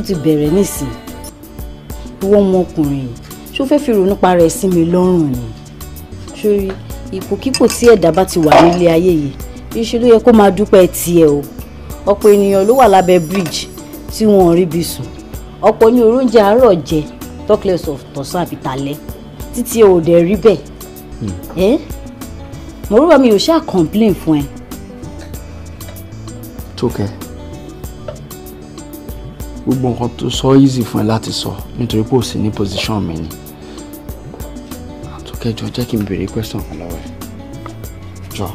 tún ti bẹ̀rẹ̀ nísìn ìwọ ọmọkùnrin yìí ṣó fẹ́ fi ronú para ẹ̀ sí mi lọ́rùn ni sórí ipòkípò tí ẹ̀dá bá ti wà nílé ayé yìí iṣẹ́ ló yẹ kó máa dúpẹ́ tiẹ̀ o ọ̀pọ̀ ènìyàn ló wà lábẹ́ bridge tí wọn ò ríbi sùn ọ̀pọ̀ ní oróúnjẹ àárọ̀ jẹ talkless of tọ̀sán àbí talẹ́ títí o ò dẹ̀ rí bẹ́ẹ̀ hmm. ẹ́ mo rúbọ mi ò ṣáà complain fún ẹ. tókẹ́. Okay gbogbo nǹkan tó sọ easy fún ẹ láti sọ nítorí pé ò sí ní position mi ni àtúkẹ́jọ jẹ́ kí n béèrè question kan lọ́wọ́ ẹ jọ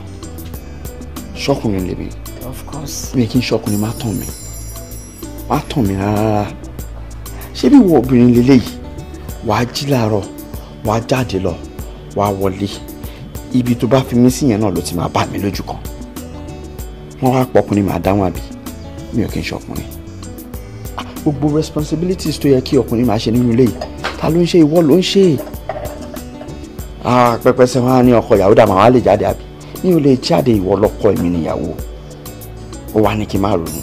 ṣọkùnrin lèmi of course mi kì í ṣọkùnrin má tàn mí má tàn mí rárá ṣé bí wọ obìnrin lélẹ́yìí wàá jí láàárọ̀ wàá jáde lọ wàá wọlé ibi tó bá fi mí sí yẹn náà ló ti máa bá mi lójú kan wọ́n wá pọkùnrin màá dáhùn àbí mi ò kì í ṣọkùnrin gbogbo responsibilities tó yẹ kí ọkùnrin máa ṣe nínú ilé yìí ta ló ń ṣe ìwọ ló ń ṣe pẹpẹ sẹ wọn á ní ọkọ ìyàwó dàmà wà á lè jáde àbí mi ò lè jáde ìwọ lọkọ èmi níyàwó ó wà ní kí n má ronú.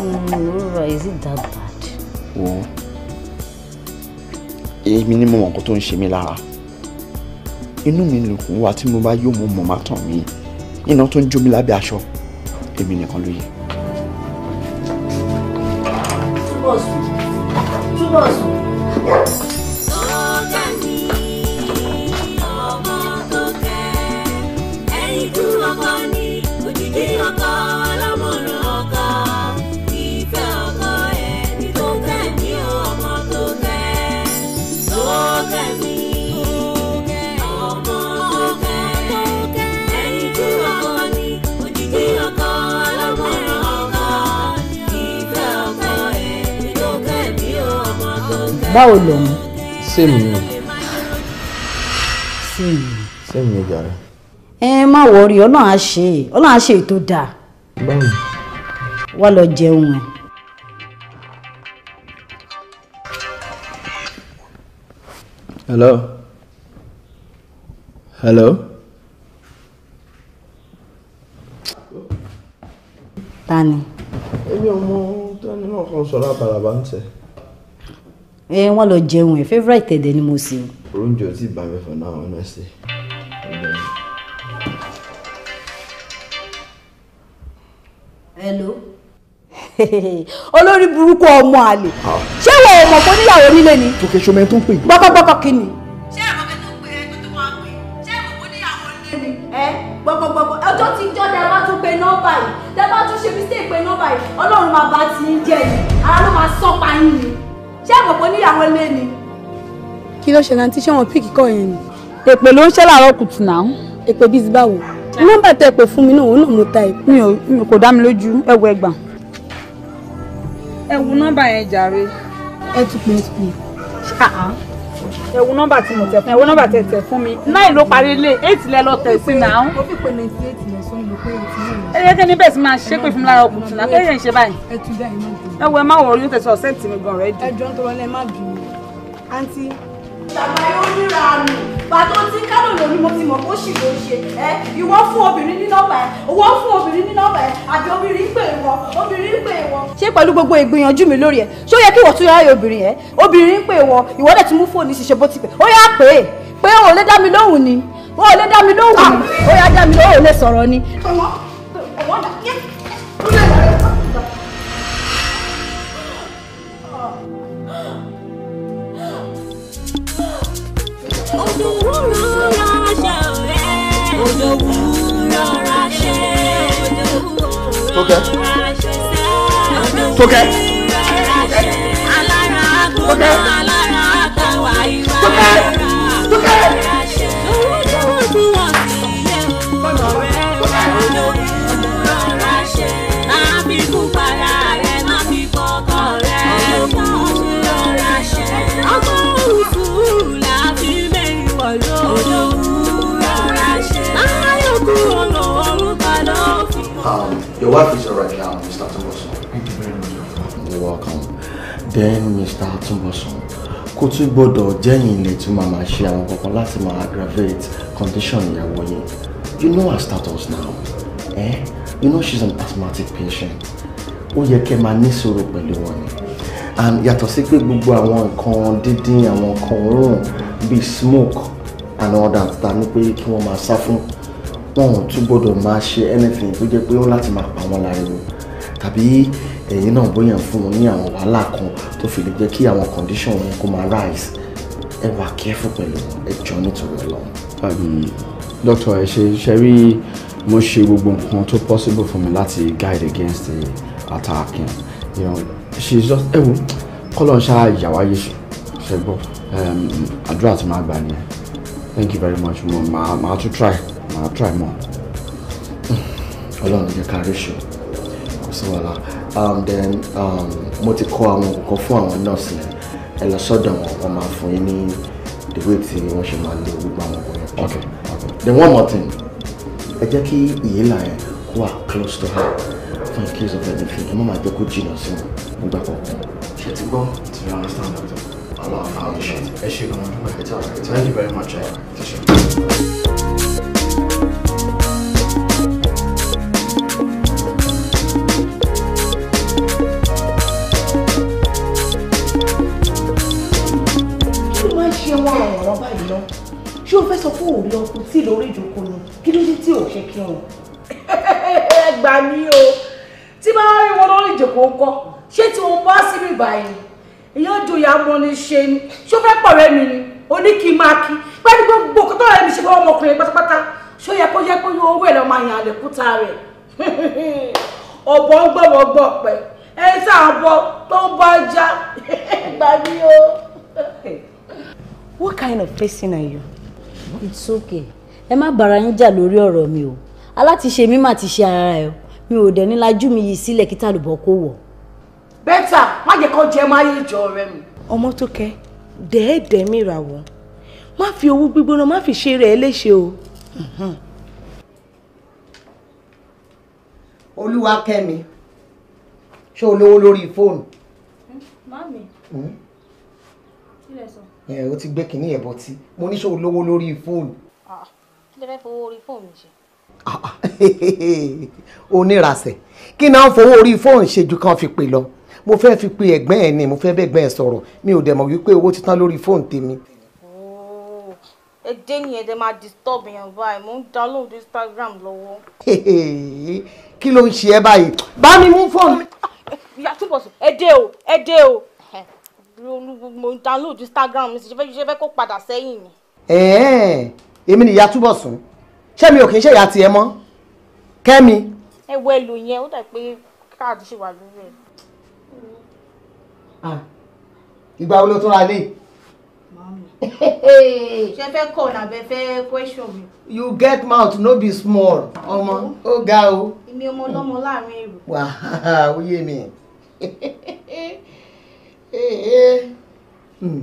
ọmọ is it that bad. èmi ni mo mọ nǹkan tó ń ṣe mí lára inú mi lùkùn wá tí mo bá yó mo mọ̀ má tàn mí iná tó ń jó mi lábẹ́ aṣọ èmi nìkan ló yẹ. Suposto. Suposto. báwo lòun. sèmi ni. sèmi. sèmi ni jàre. ẹ má wọrí ọlọ́run á ṣe é ọlọ́run á ṣe é tó dáa. báyìí. wá lọ jẹun ẹ. hello hello. Tani. ni. èmi ò mọ tani náà kan sọ̀rọ̀ àbàràbà ń tẹ̀ ẹ wọn lọ jẹun ẹ favourite ẹ̀dẹ̀ ni mo sì. oúnjẹ ò bá mi for now honestly. hello. olórí burúkú ọmọ àlè ah. ṣé ìwọ ọmọ kò níyàwó nílé ni. tòkè ṣọmọ ẹni tó ń pè. gbọ́kọ́gbọ́kọ́ kí ni. ṣé ẹ̀rọ mi tó ń pè ẹni tó máa ń pè ṣé ìwọ kò níyàwó nílé ni. ẹ gbọ́kọ́gbọ́kọ́ ọjọ́ tí ìjọ́ dẹ bá tún pe nọ́mbà yìí dẹ bá tún ṣe mistake pe nọ́mbà yìí ọlọ́run máa bá ti ń jẹ yìí ara ló máa sọ́pa yín ni ṣé àgbọ̀pọ̀ níyàwó lé ni. kí ló ṣe náà tí ṣé wọn píìkì kọ yẹn ni. èpè ló ń ṣẹ́ làárọ̀ kùtù náà èpè bíi ti báwo. nọ́mbà tẹ pè fún mi náà òun náà mo ta èpè. mi kò dá mi lójú ẹ wo ẹgbàá. ẹ yẹn jàre. ẹ tún pè é tún pè é ẹ wo nọ́mbà tí mo tẹ fún ẹ wo nọ́mbà tẹ tẹ fún mi nine ló parí lé eight lẹ lọ tẹ sí náà. o fi pe ninety eight lẹ sọ mi ló pé eighty nine. ẹ yẹ kí ni bẹ́ẹ̀ sì máa ṣépè fún mi lára ọkùnrin náà kí ẹ yẹn ṣe báyìí. ẹ tún dá iná jù ẹ wo ẹ má wọrí ó tẹsán ọ̀sẹ̀ tì mí gan rẹ dì. ẹjọ́ tó wọlé má bì í àǹtí. bàbá yóò ríra àmì bàtó tí kánò lórí mo ti mọ̀ kó sì ló ṣe ẹ ìwọ fún obìnrin ní nọ́mbà ẹ owó fún obìnrin ní nọ́mbà ẹ àbí obìnrin pè wọ obìnrin pè wọ. ṣé pẹ̀lú gbogbo ìgbìyànjú mi lórí ẹ ṣé ó yẹ kí ìwọ tún ráyè obìnrin yẹn obìnrin pè wọ ìwọ dẹ̀ tún mú fóònù ṣiṣẹ́ bó ti pẹ́ ó yà pé pé ò lè dá mi lóhùn ni ò lè dá mi lọ́wọ́ ah! ó yá dá mi lọ́wọ́ lè sọ̀rọ̀ ni. ọwọ́ ọwọ́ dà kí ẹ wúrọ̀ ránṣẹ́ ọ̀rẹ́ òjò Your wife is alright now, Mr. Tumboson. Thank you very much. You're welcome. Then, Mr. Tumboson, could you gbọ́dọ̀ jẹ́yìn ilẹ̀ tí màá máa ṣe àwọn kankan láti aggravate condition ìyàwó yẹn. You know her status now. Eh? You know she's an asthmatic patient. Ó yẹ kẹ́ máa ní sùúrù pẹ̀lú wọn ni. And yàtọ̀ sí pé gbogbo àwọn nǹkan dídín àwọn nǹkan òórùn bíi smoke and all that ta ni pé kí wọ́n máa sá fún wọn ò tún gbọ́dọ̀ máa ṣe anything tó jẹ́ pé ó láti máa pa wọn láriwo tàbí ẹ̀yin náà bóyá fún wọn ní àwọn wàhálà kan tó fi lè jẹ́ kí àwọn condition wọn kó máa rise ẹ wà careful pẹ̀lú ẹjọ́ nítorí ọlọ́run. dókítà ẹ ṣe ṣe rí mo ṣe gbogbo nǹkan tó possible fún mi láti guide against the attack you know she just ẹ wo kọ́lọ̀ ṣá ìyàwó ayé ṣe gbọ́ àdúrà tí màá gbà nìyẹn thank you very much mo máa tún try máa try more. ọlọ́run jẹ́ ká rí ṣe kò sí wàhálà um, then um mo ti kọ́ àwọn nǹkan fún àwọn nọ́ọ̀sì yẹn ẹ lọ sọ́dọ̀ wọn wọ́n máa fún yín ní the way tí wọ́n ṣe máa lo gbogbo àwọn ọkùnrin. okay okay then one more thing ẹ jẹ́ kí ìyílà yẹn kó wà close to her for in case of anything ẹ má máa jẹ́ kó jìnnà sí wọn nígbà kọ̀ọ̀kan. ṣe ti gbọ́ ti rí understand doctor. Allah, Allah, Allah. Ẹ ṣe gan-an dúpẹ́. Thank you very much. Ẹ ṣe. wọ́n ràn wọ́n báyìí náà ṣé o fẹ́ sọ fún òun lọ kù tí lórí ìjókòó ni kí ló dé tí ò ṣe kí wọn. ẹ gbà mí o tí bá rí wọn lórí ìjókòó kọ ṣé tí wọn bá síbi báyìí èyí ó joyà mọ ni ṣe ni ṣé o fẹ́ pọ̀rẹ́ mi ni o ní kí n máa kí pẹ́ẹ́ni gbogbo kó tọ́ra ẹni ṣe fún ọmọkùnrin pátápátá ṣó yẹ kó yẹ kó yọ owó ẹ̀ lọ́ máa yàn àlékúta rẹ̀ ọ̀bọ̀ gbọ̀wọ̀ gbọ̀ pẹ̀ ẹ̀ sáà bọ̀ tó ń bá já gbà What kind of person are you? It's okay. Ẹ má bára yín jà lórí ọ̀rọ̀ mi o. Alátiṣe mi mà ti ṣe ara ẹ̀ o. Mi ò dẹ̀ ní lajú mi yìí sílẹ̀ kí tàlùbọ̀ kó wọ̀. Bẹ́tà má jẹ́ kó jẹ́ máyé ìjọ ọ̀rẹ́ mi. Ọmọ tó kẹ́, dẹ́ẹ̀dẹ́ mi rà wọ́n. Má fi owó gbígbóná má fi ṣe rẹ̀ léṣe o. Olúwa kẹ́mi, ṣé o lówó lórí fóònù? Mami. Mm? o ti gbé kínní ẹ̀bọ̀ tí mo níṣòwò lówó lórí fóònù. Ah, kí lè fẹ́ fowó orí fóònù ṣe. Ah, ah, onírasẹ̀ kí náà fowó orí fóònù ṣe ju kan fi pè lọ mo fẹ́ fi pe ẹ̀gbẹ́ ẹ̀ ni mo fẹ́ bẹ́ẹ̀ gbẹ́ ẹ̀ sọ̀rọ̀ mi ò dẹ̀ mọ̀ wípé owó ti tán lórí fóònù tèmi. ẹdẹ yẹn ẹdẹ máa disturb yẹn báyìí mo ń download Instagram lọ́wọ́. kí ló ń ṣe ẹ báyìí bá mi mú fóònù. ìyá túbọ̀ sùn ẹdẹ o ẹdẹ o rí mo download Instagram mi sì ṣe fẹ́ ṣe fẹ́ kó padà sẹ́yìn mi. ẹ̀ẹ́n èmi nìyá túbọ̀ sùn ṣé mi ò kì í ṣe ìyá tiẹ̀ mọ́ kẹ́mi. ẹ wọ ẹ lò yẹn ó dà pé káàdì ṣì wà lórí ẹ. Ah, ìgbà wo ló tún ra lé. ṣe fẹ́ kọ̀ làbẹ́ fẹ́ question mi. you get mouth no be small ọmọ ó ga o. èmi ọmọ ọlọ́mọ láàrin èrò. wàá ó mi. ee hmm.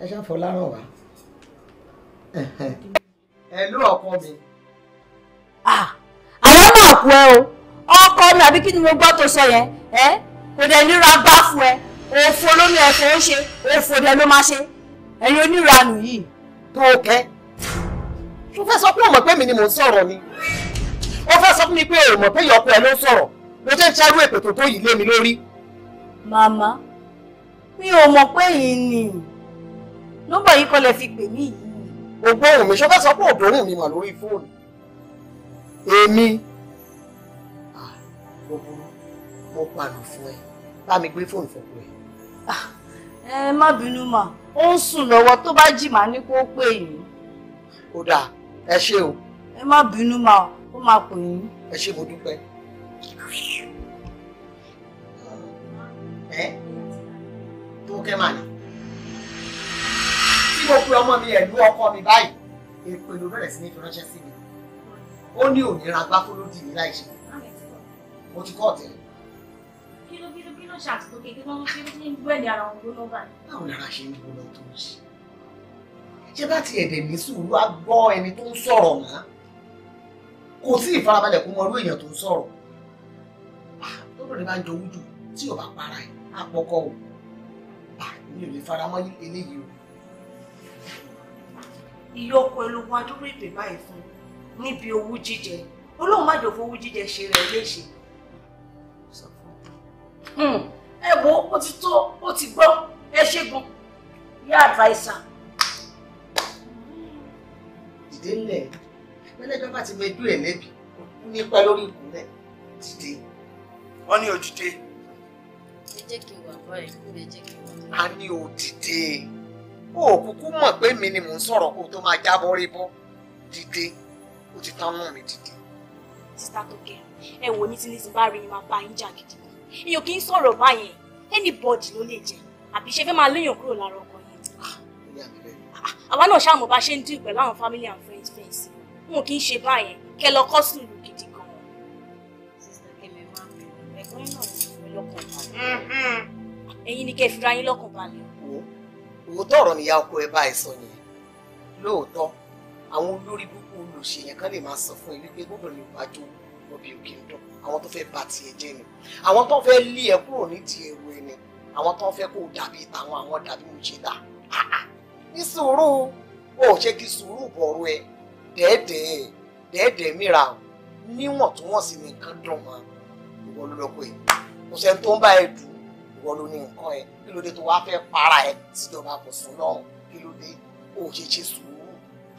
ẹ ṣàfọláràn wá ẹ ló ọkọ mi. àwọn náà kú ẹ o ọkọ mi àbí kí ni mo gbọ́ tó sọ yẹn ẹ kò dẹ̀ nira bá fún ẹ òfò ló ní ẹ̀fọ́ ń ṣe òfò dẹ̀ ló máa ṣe ẹ̀yin oníranù yìí. tó o kẹ́ tó fẹ́ sọ pé o mọ̀ pé mi ni mò ń sọ̀rọ̀ ni ó fẹ́ sọ fún mi pé o mọ̀ pé ìyọkọ ẹ ló ń sọ̀rọ̀ ló jẹ́ ń ṣerú èpè tó tó yìí lé mi lórí. Mama, mi ò mọ̀ pé yìí ni nọ́mbà yìí kọ́ lẹ fi pè mí yìí. ògbóhùn mi ṣé fẹ́ sọ pé òdòrùn mi mà lórí fóònù èmi ah, mo pàlù fún ẹ bá mi gbé fóònù fún ẹ. Ah, ẹ má bínú mà ó o sùn lọ́wọ́ tó bá jì má ní kó pè yín. ó dáa ẹ o. ẹ má bínú mà ó máa pè yín. ẹ ṣé mo dúpẹ́ ẹ́ tókẹ́ mà ní. tí mo pe ọmọ mi ẹ̀lú ọkọ mi báyìí èpè ló bẹ̀rẹ̀ sí ní fi ránṣẹ́ sí mi ó ní òmìnira gbáfó ló dì mí láì ṣe mo ti kọ́ ọ̀tẹ̀. kí ló kí ló kí ló ṣàtúntò kékeré wọn ṣe ń gbẹ̀lẹ̀ ara wọn gbóná báyìí. báwo lára ṣe ń gbóná tó ń ṣe ṣé bá ti ẹ̀dẹ̀ ní sùúrù á gbọ́ ẹni tó ń sọ̀rọ̀ mọ́ kò sí ìfarabalẹ̀ kó mọ irú èèyàn tó ń sọ̀rọ̀ lóbìnrin ah, bá ń jowú jù tí ò bá para ẹ̀ àpọkọ o mi ò lè fara mọ́ eléyìí o. iye ọkọ ẹlòmọ adúrú ìpè báyìí fún níbi owú jíjẹ olóhùn má jọ fowú jíjẹ ṣe rẹ léṣe. Hmm. ẹ wo ó ti tó ó ti gbọ́ ẹ ṣẹ́gun yá àdìváísà. dìde ńlẹ̀ pẹ́lẹ́gbẹ́ bá ti mọ ẹdú ẹ̀ lẹ́bi nípa lórí ikùn rẹ̀ dìde. wọ́n ní òjìde a ní òdìdè ó kúkú mọ̀ pé mi ni mò ń sọ̀rọ̀ kó tó máa jábọ́ rí bọ́ dìde ó ti tán mọ́ mi dìde. sísá tó kẹ ẹ wò ní tí lizzy bá rí ni máa pa yín jà gidi èèyàn kì í sọ̀rọ̀ báyẹn anybody ló lè jẹ àbí ṣe fẹ́ máa léèyàn kúrò lára ọkọ yẹn. Ah, ah, àwa náà ṣáà mo bá ṣe ń dùn pẹ̀lú àwọn family and friends friends wọn kì í ṣe báyẹn kẹ lọ kọ́ sùn lù gidi gan-an. sísá kẹmẹ máa ń bẹ̀rẹ̀ ẹ̀gbọ́n náà Mm-hmm. ẹ̀yin ni kẹ́ fira yín lọ́kàn balẹ̀. wo òótọ́ ọ̀rọ̀ nìyá ọkọ ẹ bá ẹ sọ yẹn lóòótọ́ àwọn olórí gbogbo olùṣèyàn kan lè máa sọ fún ẹ wípé gbọ́dọ̀ ní ìwájú lọ́bì òkè ń dùn àwọn tó fẹ́ bà tiẹ̀ jẹ́ ni àwọn tó fẹ́ lé ẹ kúrò nídìí ewu ẹ ni àwọn tó fẹ́ kó dàbí tàwọn àwọn dàbí mo ṣe dà ní sùúrù o ò ṣe kí sùúrù bọ̀rù ẹ dẹ́ẹ̀dẹ́ẹ̀ dẹ́ẹ̀dẹ́ẹ̀ mìíràn níwọ̀ntúnwọ̀nsì nìkan dùn wọn ìwọ ló lọ́kọ̀ yìí kò sẹ́ni tó ń bá ẹ dùn ìwọ ló ní nǹkan ẹ kí ló dé tó wáá fẹ́ para ẹ síjọba kò sùn lọ́hùn kí ló dé ó ṣe ṣe sùúrù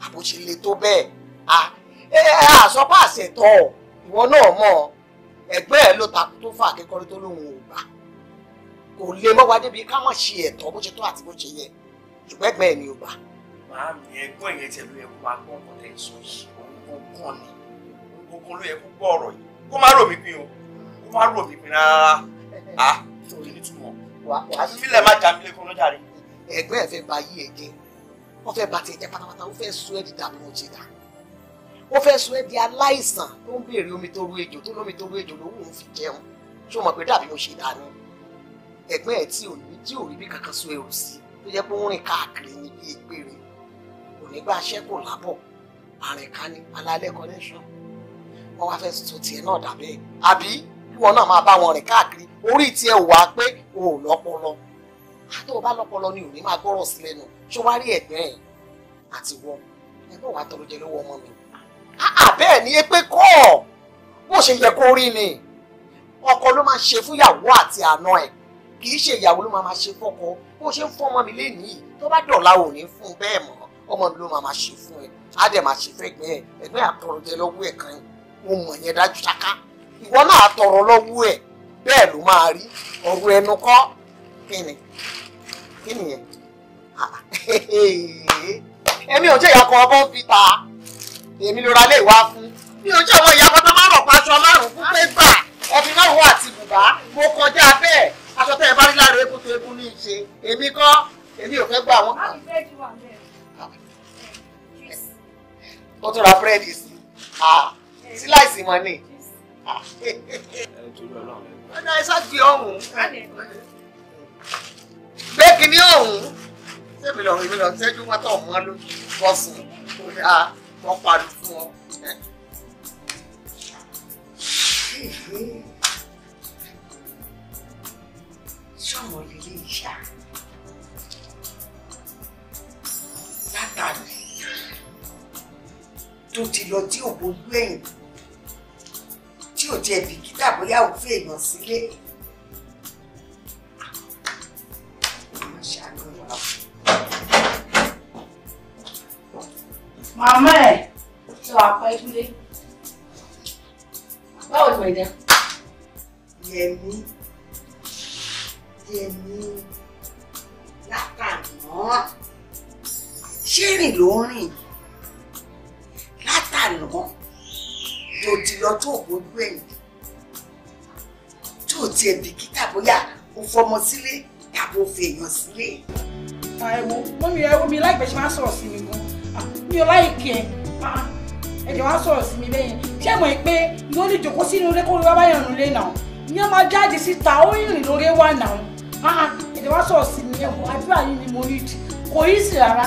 àbòṣe le tó bẹ́ẹ̀ à ẹ ẹ àsọpá àṣetọ ìwọ náà mọ̀ ẹgbẹ́ ẹ ló takú tó fà kékeré tó lóun ò gbà kò lè mọ́ wa débi ká má ṣe ẹ̀tọ́ bó ṣe tó àti bó ṣe yẹ ṣùgbọ́n ẹgbẹ́ ni ò gbà. màámi ẹ̀gbọ́n ìyẹn tẹlu ẹ wá gbọǹkan tẹ sọ yìí òun gbọǹkan ni òun gbọǹkan ló yẹ kó gbọ́ ọ̀rọ̀ yìí kó má rò mí pín o kó má rò mí pin rárá ah kí ni túmọ̀ fílẹ̀ má jà mí lẹ́kọ̀ọ́ lọ́jà rí. ẹgbẹ́ ẹ̀ fẹ́ ba yí ẹ jẹ́ wọ́n fẹ́ ba tiẹ̀ jẹ́ pátápátá ó fẹ́ sún ẹ́ di dàbí ọ̀jẹ̀ dà ó fẹ́ sún ẹ́ di aláìsàn tó ń béèrè omi tó ru ejò tó lómi tó ru ejò lówó òun fi jẹun ṣé o mọ̀ pé dàbí mo ṣe dànù ẹgbẹ́ ẹ̀ tí ò ní tí ò rí bí kankan sún ẹrù sí tó jẹ́ pé ó rìn káàkiri ní bí ìgbére kò ní gbà ṣẹ́ kò lábọ̀ àrìnká ní alálẹ́ connection wọ́n wá fẹ́ sọ tiẹ̀ náà dàbẹ́ àbí wọn náà máa bá wọn rìn káàkiri orí tiẹ̀ wà pé o ò lọ́pọlọ àti ọba lọ́pọlọ ni òní máa gbọ́rọ̀ sí lẹ́nu ṣé wàá rí ẹ̀gbẹ́ ẹ̀ àti wọ ẹ bọ̀ wá tọrọ jẹ lọ́wọ́ ọmọ mi bẹ́ẹ̀ ni epé kọ́ bó ṣe yẹ kó rí ni ọkọ ló máa ṣe fún ìyàwó àti àna ẹ̀ kì í ṣe ìyàwó ló máa máa ṣe fọ́kọ bó ṣe ń fún ọmọ mi lénìí tó bá dọ̀la ò ní fún bẹ́ẹ̀ mọ́ ọmọ mi ló máa máa ṣe fún ẹ á dẹ̀ máa ṣe fẹ́gbẹ́ ẹ ẹgbẹ́ àtọ̀rọ̀jẹ lọ́wọ́ ẹ̀ mo mọ̀ yẹn dájú ṣáká ìwọ náà tọrọ lọ́wọ́ ẹ̀ bẹ́ẹ̀ ló máa rí ọ̀rọ̀ ẹnu kọ́ kí ni kí nìyẹn èmi ò jẹ́ ìyàkọ̀ ọbọ̀ fi ta èmi ló ra lè wá fún mi ò jẹ́ ọmọ ìyàkọ̀ tó máa rọ̀ pa aṣọ márùn-ún fún pépà ẹbí márùn-ún àti bùbá mo kọjá bẹ́ẹ̀ aṣọ tẹ́ ẹ bá rí lára eku tó eku ní í èmi kọ́ èmi ò fẹ́ gbọ́ àwọn kan. tún ra búrẹ́dì sí i síláìsì mọ́ ni ọ̀nà ẹ sáàgbé ọ̀hún gbé kínní ọ̀hún sẹ́mi lọ èmi lọ sẹ́jú wọn tó mọ́ lójú bọ́sùn kó dáa wọ́n parí fún ọ. sọ̀rọ̀ lílé ìyá látàrí tó ti lọ tí òbó lẹ́yìn ò jẹ́ bìkítà bóyá ò fi èèyàn sílé. màmá ẹ̀ ṣe wà pẹ́ dúlé báwo ni ìdá. yẹmi yẹmi látàná ṣé rìn ló ń rìn látàná tó ti lọ tó ògbójú ẹ̀yìn tó tiẹ̀ bìkítà bóyá o fọmọ sílé tàbí o fi èèyàn sílé. ẹ̀wò mọ́mí ẹ̀wò mi láìpẹ́ ṣe máa sọ̀rọ̀ sí mi gan ah, mi ò láìkẹ́ ẹ̀jẹ̀ wá sọ̀rọ̀ sí mi lẹ́yìn ṣé mọ̀ pé yóò lè jòkó sínú ilé kó lè wá báyọ̀ nílé náà ni wọ́n máa jáde síta ó rìnrìn lórí wà náà ah, ah, ẹ̀jẹ̀ wá sọ̀rọ̀ sí mi ẹ̀wò àdúrà yìí ni mo rí kò yí sí rárá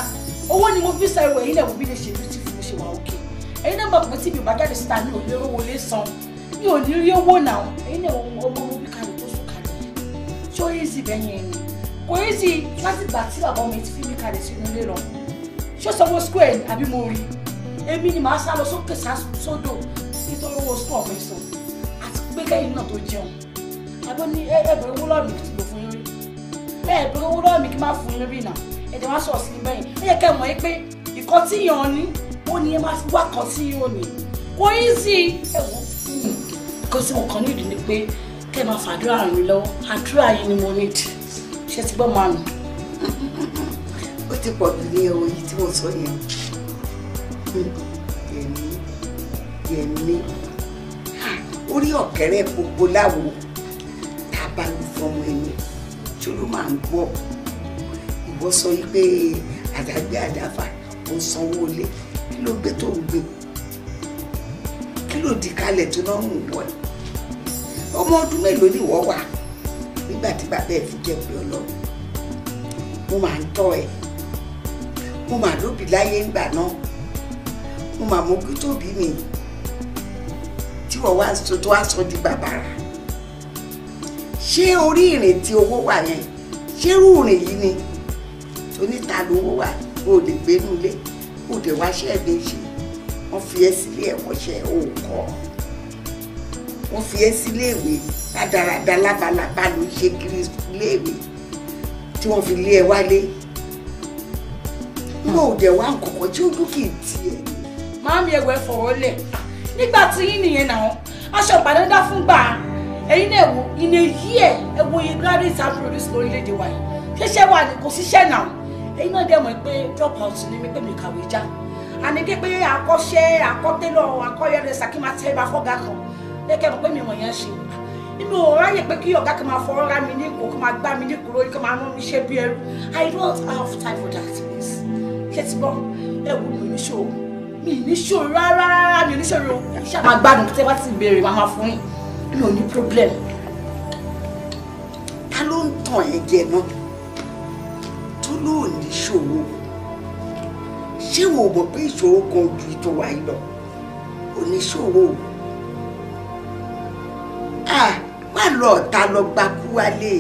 owó ni mo fi sa ẹ̀wọ̀ èyí lẹ̀ wò bí lè ṣèlú ẹ̀yin náà mọ̀ pé tí mi ò bá jáde síta mi ò lè rówó lé san mi ò ní rí owó náà ẹ̀yin náà ọmọ orí kalẹ̀ tó sùn kalẹ̀ ṣé ó yéé sì bẹ́yìn ẹ̀yìn kò yéé sì láti gbà tí bàbá mi ti fi mi kalẹ̀ sínú ilé lọ ṣé sanwó square ẹ̀ àbí mo rí èmi ni màá sá lọ sókè sódò nítorí owó sùn ọ̀mọ̀ ìsàn àti pé kẹ́yìn náà tó jẹun àbọ̀ ní ẹ̀bẹ̀rẹ̀ owó lọ́ọ̀mì ti lò fún yín rí ẹ̀bẹ̀rẹ̀ owó lọ́ọ̀mì kí má fún yín rí náà ẹ̀dẹ̀ wá sọ̀rọ̀ sí bẹ́yìn ó kẹ́ mọ̀ pé ìkọ́ tíyàn ó ní ẹ máa wá kan sí yóò ní kò í sí ẹ wò kò sí mo kàn ní ìdí ni pé kẹ́ máa fàdúrà ràn mí àdúrà yìí ni mo ní ìdí ṣe ti gbọ́ máa nù. ó ti pọ̀ jù ní ẹ̀wọ̀n yìí tí mo sọ yẹn yẹ̀mí yẹ̀mí orí ọ̀kẹ́rẹ́ gbogbo láwo tá a bá lu fọmọ ẹni ṣòro máa ń gbọ́ ìwọ sọ yìí pé àdágbé àdáfà ó sanwó lé ló gbé tó ń gbé kí ló di kalẹ̀ tó náà ń wọ̀ ẹ́ ọmọ ọdún mélòó ni ìwọ wà nígbà tí bàbá ẹ fi jẹ pé Ọlọ́run mo máa ń tọ́ ẹ mo máa lóbi láyé ńgbà náà mo máa mọ kí tóbi mi tí wọ́n wá tó wá sọ di bàbá ṣé orí ìrìn tí owó wà yẹn ṣé irú ìrìn yìí ni onítàlówó wà o lè gbénú lé kò dé wá ṣe ẹgbẹ́ ṣe wọ́n fi ẹ́ sílé ẹ̀wọ̀n ṣe òòkọ́ wọ́n fi ẹ́ sílé ìwé rádaràda lábalábá ló ṣe kiri ilé ìwé tí wọ́n fi lé ẹ wálé wọ́n ò dé wá nǹkankan tí ó dúkìá tiẹ̀. máàmì ẹ̀wẹ̀ fọ̀rọ̀ lẹ̀ nígbà tí yín nìyẹn náà aṣọ ìbàdàn dá fún gbà á ẹ̀yin náà wo in a year ẹ wo iye graduate and produce lórílẹ̀‐èdè wa yìí ṣẹ̀ṣẹ̀ wà ẹ̀yin náà dẹ̀ mọ̀ pé drop out ni mi pé mi kàwé já àní ké pé akọ́ṣẹ́ akọ́tẹ́lọ̀ akọ́yẹ̀rẹ̀ sàkímà tẹ́ ibà fọ́gà kan ẹ mọ̀ pé mi mọ̀ ṣe inú ráyè pé kí ọ̀gá kan máa fọwọ́ rá mi ní ìkó kó máa gbá mi ní kúrò kó máa rán mi ṣe bí ẹrú I don't have time for that please ṣé ti gbọ́ ẹ wù mí níṣòro mi níṣòro rárá rárá mi níṣòro iṣẹ́ máa gbádùn tẹ́ bá ti béèrè máa máa fún yín mi ò ní problem ta ló ń tàn ẹ̀ náà náà níṣòro ṣé wò mọ̀ pé ìṣòro kan ju ìtọ̀wá yìí lọ oníṣòro à má lọ ọ̀tá lọ gba kú wálé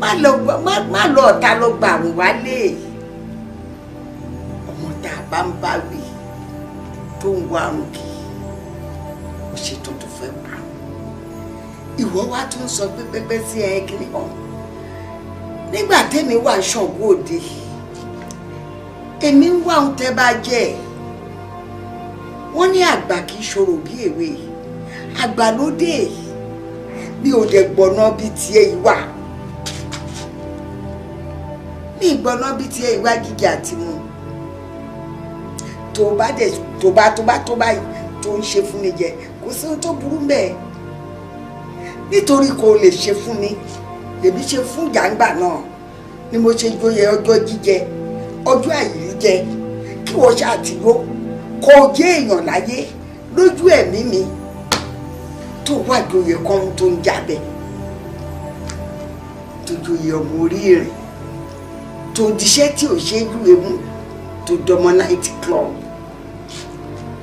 má lọ ọ̀tá lọ gba àrùn wálé ọmọ tá a bá ń bá wí tó ń wá àrùn kì í ó ṣe tuntun fẹ́ pa ìwọ wá tún sọ pé pẹ́pẹ́ sí ẹ kiri ọ̀hún nígbà tèmi wà ṣọ̀gbó òde èmi ń wá ohun tẹ́ bá jẹ́ wọ́n ní àgbà kì í ṣòro bí èwe àgbà ló dé mi ò dẹ̀ gbọ̀nà bíi tiẹ̀ ìwà mi gbọ̀nà bíi tiẹ̀ ìwà gíga àti mu tó bá dẹ̀ tó bá tó bá tó báyìí tó ń ṣe fún mi jẹ kò sí ohun tó burú mbẹ̀ nítorí kò lè ṣe fún mi èmi ṣe fún jàǹgbà náà ni mo ṣe joyè ọjọ́ jíjẹ ọjọ́ àìríjẹ kí wọ́n ṣàtìyó kọ jẹ́ èèyàn láyé lójú ẹ̀mí mi tó wà joyè kan tó ń jábẹ́ tó joyè ọmọ orí rẹ̀ tó diṣẹ́ tí ò ṣe é lù tó dọmọ náìtì club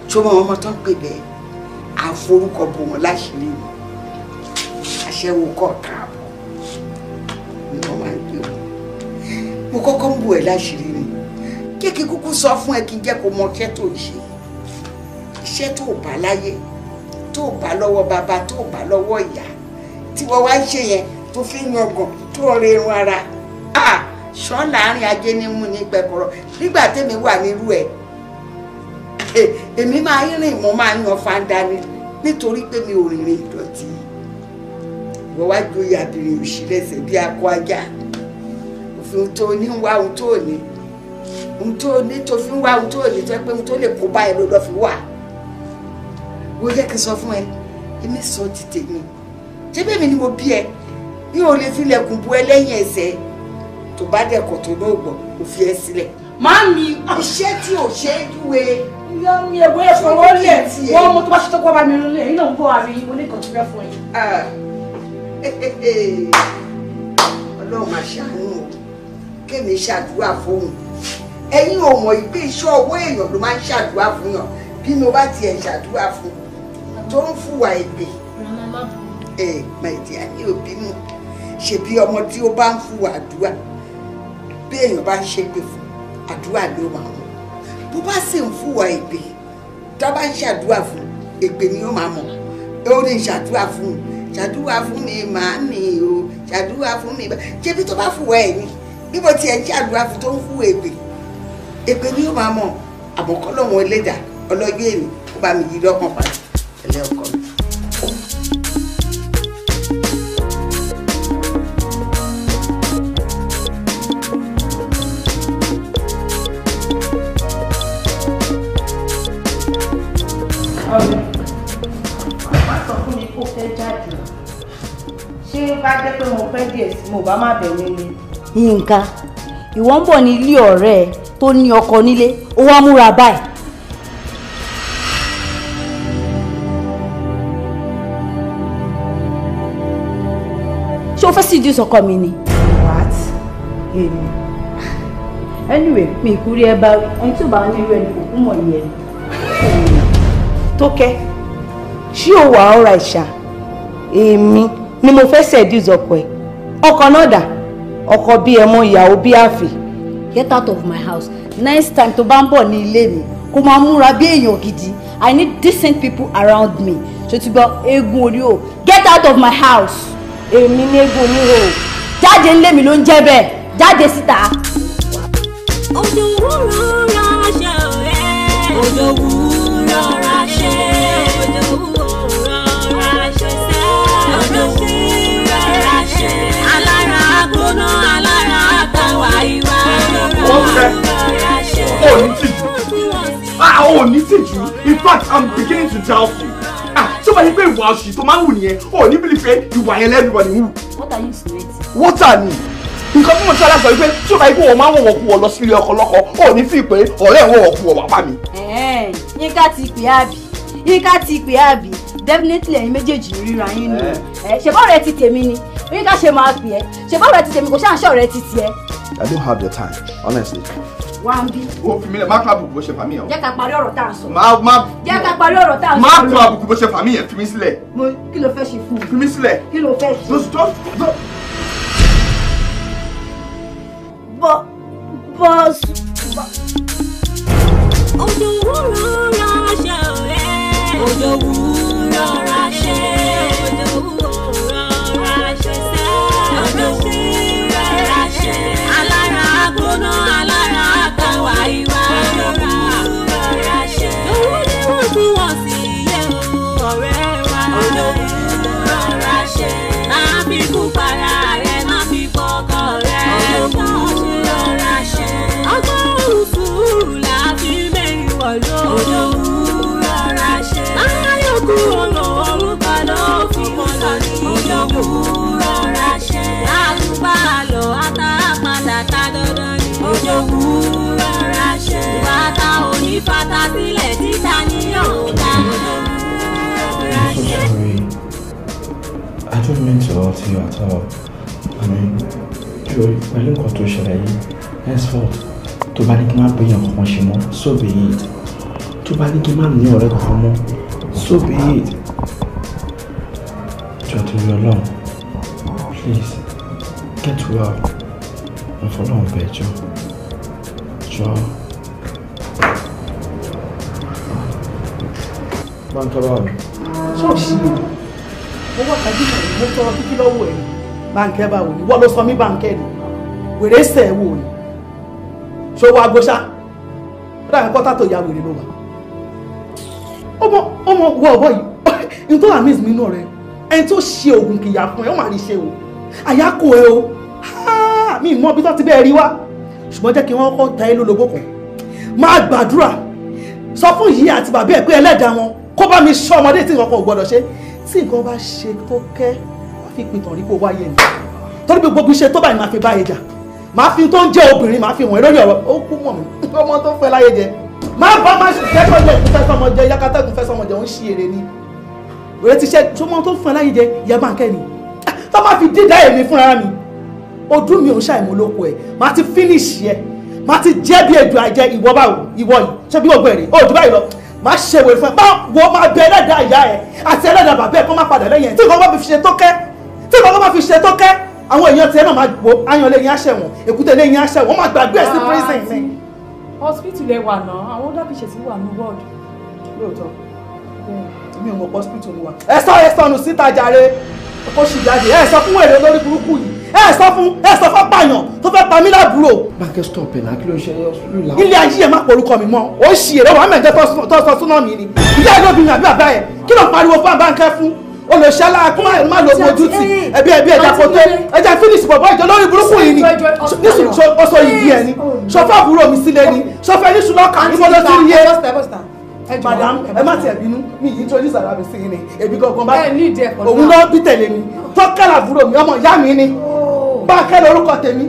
tó mọ ọmọ tó pè bẹ́ẹ̀ àforúkọ bò wọ́n láṣìírí aṣẹ́wó kọ̀ọ̀kan. kọ́kọ́ ń bu ẹ̀ láṣìírí ni kéèkì kúkú sọ fún ẹ kí n jẹ́ kó mọ iṣẹ́ tó ń ṣe iṣẹ́ tó bá láyé tó bá lọ́wọ́ bàbá tó bá lọ́wọ́ ìyá tí wọ́n wá ń ṣe yẹn tó fi yangàn tó rẹrun ara ṣọ́ láàrin ajé ní mú ní gbẹ̀kọ̀rọ̀ nígbà tẹ́mi wà nírú ẹ̀ eh, èmi máa ń rìn mo máa ń yan fanda ni nítorí pé mi ò rìnrìn ìdọ̀tí wọ́n wá joyè àbìrìn òṣìlẹ̀sẹ̀ bí akọ ajá fi ohun tó ní wá ohun tó ní ohun tó ní tó fi ń wá ohun tó ní tó pé ohun tó lè kó báyìí ló lọ fi wà wo jẹ́ kí n sọ fún ẹ èmi sọ ti tèmi jẹ́bẹ́ mi ni mo bí ẹ mi ò lè filẹ̀kùn bu ẹ ẹsẹ̀ tó bá dẹ̀kọ̀ tó ló gbọ̀ kò fi ẹ sílẹ̀. Màámi iṣẹ́ tí ò ṣe é júwe. Ìyá mi ẹ̀wọ́ ẹ̀ fọwọ́ lẹ̀ wọ́n mú tó bá ṣe tó kọ́ bá mi lulẹ̀ yìí náà ń bọ̀ àrí oníkàntúbẹ̀ fún yín. Ah. Ọlọ́run máa ṣàánú o kémi ṣàdúrà fóun ẹ̀yin ò mọ̀ pé iṣẹ́ ọwọ́ èèyàn ló máa ń ṣàdúrà fún yàn bí mo bá tiẹ̀ ṣàdúrà fún tó ń fùwà èdè ẹ mẹ̀tì àní òbínú ṣebí ọmọ tí ó bá ń fùwà àdúrà bí èèyàn bá ń ṣépè fún àdúrà ló máa mọ̀ bó bá sì ń fùwà èdè tó bá ń ṣàdúrà fún èpè ni ó máa mọ̀ ó ní ṣàdúrà fún ṣàdúrà fún mi màámi o ṣàdúrà fún mi ṣebí tó bá fùwà ẹ̀ ni bí mo tiẹ̀ ń ṣàdúrà fún tó ń hù èpè èpè ni yóò máa mọ̀ àbọ̀kọ́ lòun ẹlẹ́dà ọlọ́jọ́ èmi ó bá mi yí lọ́kàn padà ẹlẹ́ ọkọ mi. bá jẹ́ pé mo pẹ́ díẹ̀ sí mo bá má bẹ̀ ni yínká ìwọ ń bọ̀ ní ilé ọ̀rẹ́ ẹ tó ní ọkọ nílé ó wá múra báyìí. ṣé o fẹ́ sí ìdí ọkọ mi ni. what èmi anyway mi ìkúrí ẹ bá ẹni tí ò bá ní irú ẹni kò kú mọ̀ yẹn. tókẹ́ ṣé o wà ọ̀rọ̀ ìṣà èmi ni mo fẹ́ sẹ̀dí ìzọ̀kọ̀ ẹ̀ ọkọ̀ náà dà ọkọ bí ẹmọ ìyàwó bí àfẹ. get out of my house next time tó bá ń bọ̀ ní ilé mi kó máa múra bí èèyàn gidi i need decent people around me ṣètùgbọ́ eégún orí o get out of my house èmi ní eégún oníhò jáde nílé mi ló ń jẹ́ bẹ́ẹ̀ jáde síta. ojú wúrọ̀ ra aṣọ rẹ̀ ojú wúrọ̀. ṣiṣẹ́ ò ní tìjú ò ní tìjú in fact i'm beginning to doubt you ah, tó bá yẹ pé ìwà òṣì tó máa ń wù nìyẹn ò ní bìlì pé ìwà yẹn lẹ́nu wà ní wù. what are you insinuating. water ni nǹkan tí mo ti aláṣọ wípé tí o bá yẹ kó o máa ń wọ̀wọ̀ kú ọ lọ sílé ọkọ lọ́kọ ò ní fi pé ọ̀rẹ́ ẹ̀ wọ̀wọ̀ kú ọ wà pa mi. yínká ti pè àbí yínká ti pè àbí definitely ẹ̀yin méjèèjì ríra yín nù ṣèbọ̀rẹ́ ti tèmi ni yínká ṣe máa pè ẹ́ ṣèbọ̀rẹ́ ti tèmi kò ṣáà ń ṣọ̀rẹ́ ti tiẹ̀ I don't have your time, honestly. Wambi. O fi mi lẹ̀, má kó àbùkù bó ṣe fà mí yẹn o. Jẹ́ ká parí ọ̀rọ̀ tá a sọ. Má má. Jẹ́ ká parí ọ̀rọ̀ tá a sọ. Mo Kilo ló fẹ́ ṣe fún mi? Fi mí sílẹ̀. Kí ló Just just just. Bọ́ bọ́ọ̀sù. Òjò wúrọ̀ ra ṣe ọ̀rẹ́. Òjò fata títa ní ọ̀gá. I'm so sorry. I don't mean to hurt you at all. I mean, Joy, pẹ̀lú nǹkan to ṣẹlẹ̀ yìí, henceforth, to bá ní kí n má gbìyàn so be it. To bá ní kí n má ní ọ̀rẹ́ so be it. Jọ torí alone, please, get well. Mo fọlọ́run bẹ̀ Joe. Joe. máa ń tọrọ ọ̀nà. ṣọ́ọ̀ṣì mi mo wà kájú náà mo tọrọ kíkí lọ́wọ́ ẹ̀ báńkẹ́ bá wò ní wọ́n ló sọ mí báńkẹ́ ni wèrè sẹ̀ wò ní ṣó wá gbóṣá ó dàbí pọ́tà tó ya wèrè ló wà. ọmọ ọmọ wọ ọwọ́ yìí n tó àmì nínú rẹ ẹni tó ṣe oògùn kìyà fún ẹ ó mà rí ṣe o àyà kò ẹ o mi mọ bí tó ti bẹ́ẹ̀ rí wá ṣùgbọ́n jẹ́ kí wọ́n kọ́ ta ẹ lólobó kan máa gbàdúrà sọ fún yìí àti bàbá ẹ̀ pé ẹlẹ́dàá wọn kó bá mi ṣọ́ ọmọdé tí nǹkan kan ò gbọ́dọ̀ ṣe tí nǹkan bá ṣe tó kẹ́ wá fi pin tàn rí pé ó wáyé ni torí pé gbogbo iṣẹ́ tó báyìí máa fi bá ẹja máa fi tó ń jẹ́ obìnrin máa fi wọ̀n lórí ọ̀rọ̀ ó kú mọ̀ mí ọmọ tó fẹ́ láyé jẹ má bá má ṣe jẹ́ tọ́jú ẹ̀kú fẹ́ sọmọ jẹ yakatẹ́kùn fẹ́ sọmọ jẹ ń ṣe eré ni òye ti ṣe sọmọ tó fẹ́ láyé jẹ ìyá máa kẹ́ ni ah, tó má fi dídá èmi fúnra mi ojú mi ò ń ṣàìmọ̀ olóko ẹ̀ má ti finish yẹ má ti jẹ́ bí ètò àìjẹ ìwọ báwo ìwọ yìí ṣé bí gbogbo ẹ̀ má ṣèwé fún ẹ má wo má bẹ ẹlẹ́dàá ìyá ẹ àti ẹlẹ́dàá bàbá ẹ kó má padà lẹ́yìn ẹ tí ìkọ́kọ́ bá fi ṣe tó kẹ́ tí ìkọ́kọ́ bá fi ṣe tó kẹ́ àwọn èèyàn tiẹ̀ náà máa wo ayan lẹ́yìn aṣẹ̀wọ̀n èkúté lẹ́yìn aṣẹ̀wọ̀n wọ́n máa gbàgbé ẹ̀ sí ah, prison mi. hospital ẹ wà náà àwọn older patients wà ní ward. lóòótọ́ mi ò mọ̀ hospital wa ẹ sọ ẹ sọnù síta jàre kó ṣì jáde ẹ sọ fún wèrè olórí burúkú yìí ẹ sọ fún ẹ sọ fún apààyàn tó fẹ́ pa mí lábúrò. báńkẹ́ stop ẹ̀ náà kí ló ń ṣe lọ́la. ilé ayé ẹ̀ má porúkọ mi mọ́ ó ṣì èrè wàá mẹ́jẹ tó sọ súná mi ni ìyá ẹ̀ lóbìnrin àbí bàbá ẹ̀ kí ló pariwo fún báńkẹ́ fún olùṣẹ́lá akúmọ̀ má lo ojú tì ẹbí ẹbí ẹja kótó ẹja fínísì bọ̀bọ̀ ìjọ lórí burúkú yìí ni nísìnyí oṣù yìí ẹ ni oh ṣọfọ́ àbúrò mi sílẹ̀ ni ṣọfọ́ ẹni ṣùlọ́kà ní mo lọ sí iye madam ẹ má tiẹ̀ bínú mi yìí introduce ara mi sí i ni èmi gangan bá òun náà bí tẹ̀lé mi tọ́kàlà àbúrò mi ọmọ ìyá mi ni oh. bá a kẹ́lẹ̀ orúkọ tèmi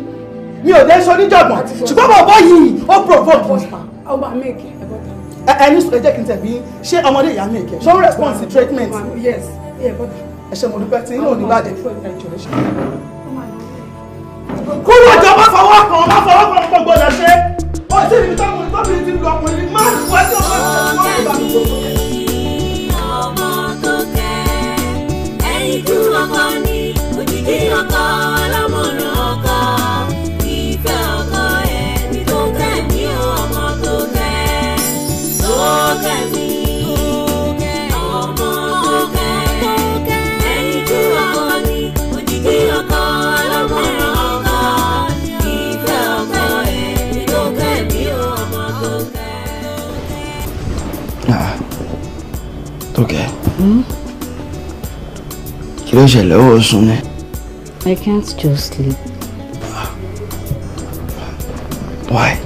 mi ò dé sọ níjọ̀gbọ̀n ṣùgbọ́n bọ̀bọ̀ yìí ó provoke mi. ẹni sọ jẹ́ kí n tẹ̀bí ṣé ọmọdé ìyá mi kẹ́ ṣọ́ response to treatment. ẹ ṣe mo dúpẹ́ tí inú ò ní bàjẹ́. kúrò jọ má fọwọ́ kan má fọwọ́ kan gbogbo ọ̀dà ṣe sí ibi táwọn ìtọ́bìnrin ti lu ọkùnrin má lù wá sí ọkọ ìtọ́bìnrin má lù wá sí ọkọ ìtọ́bìnrin. Fúnkẹ́ kí ló ṣẹlẹ̀ ó sùn ni. I can't just sleep. Why?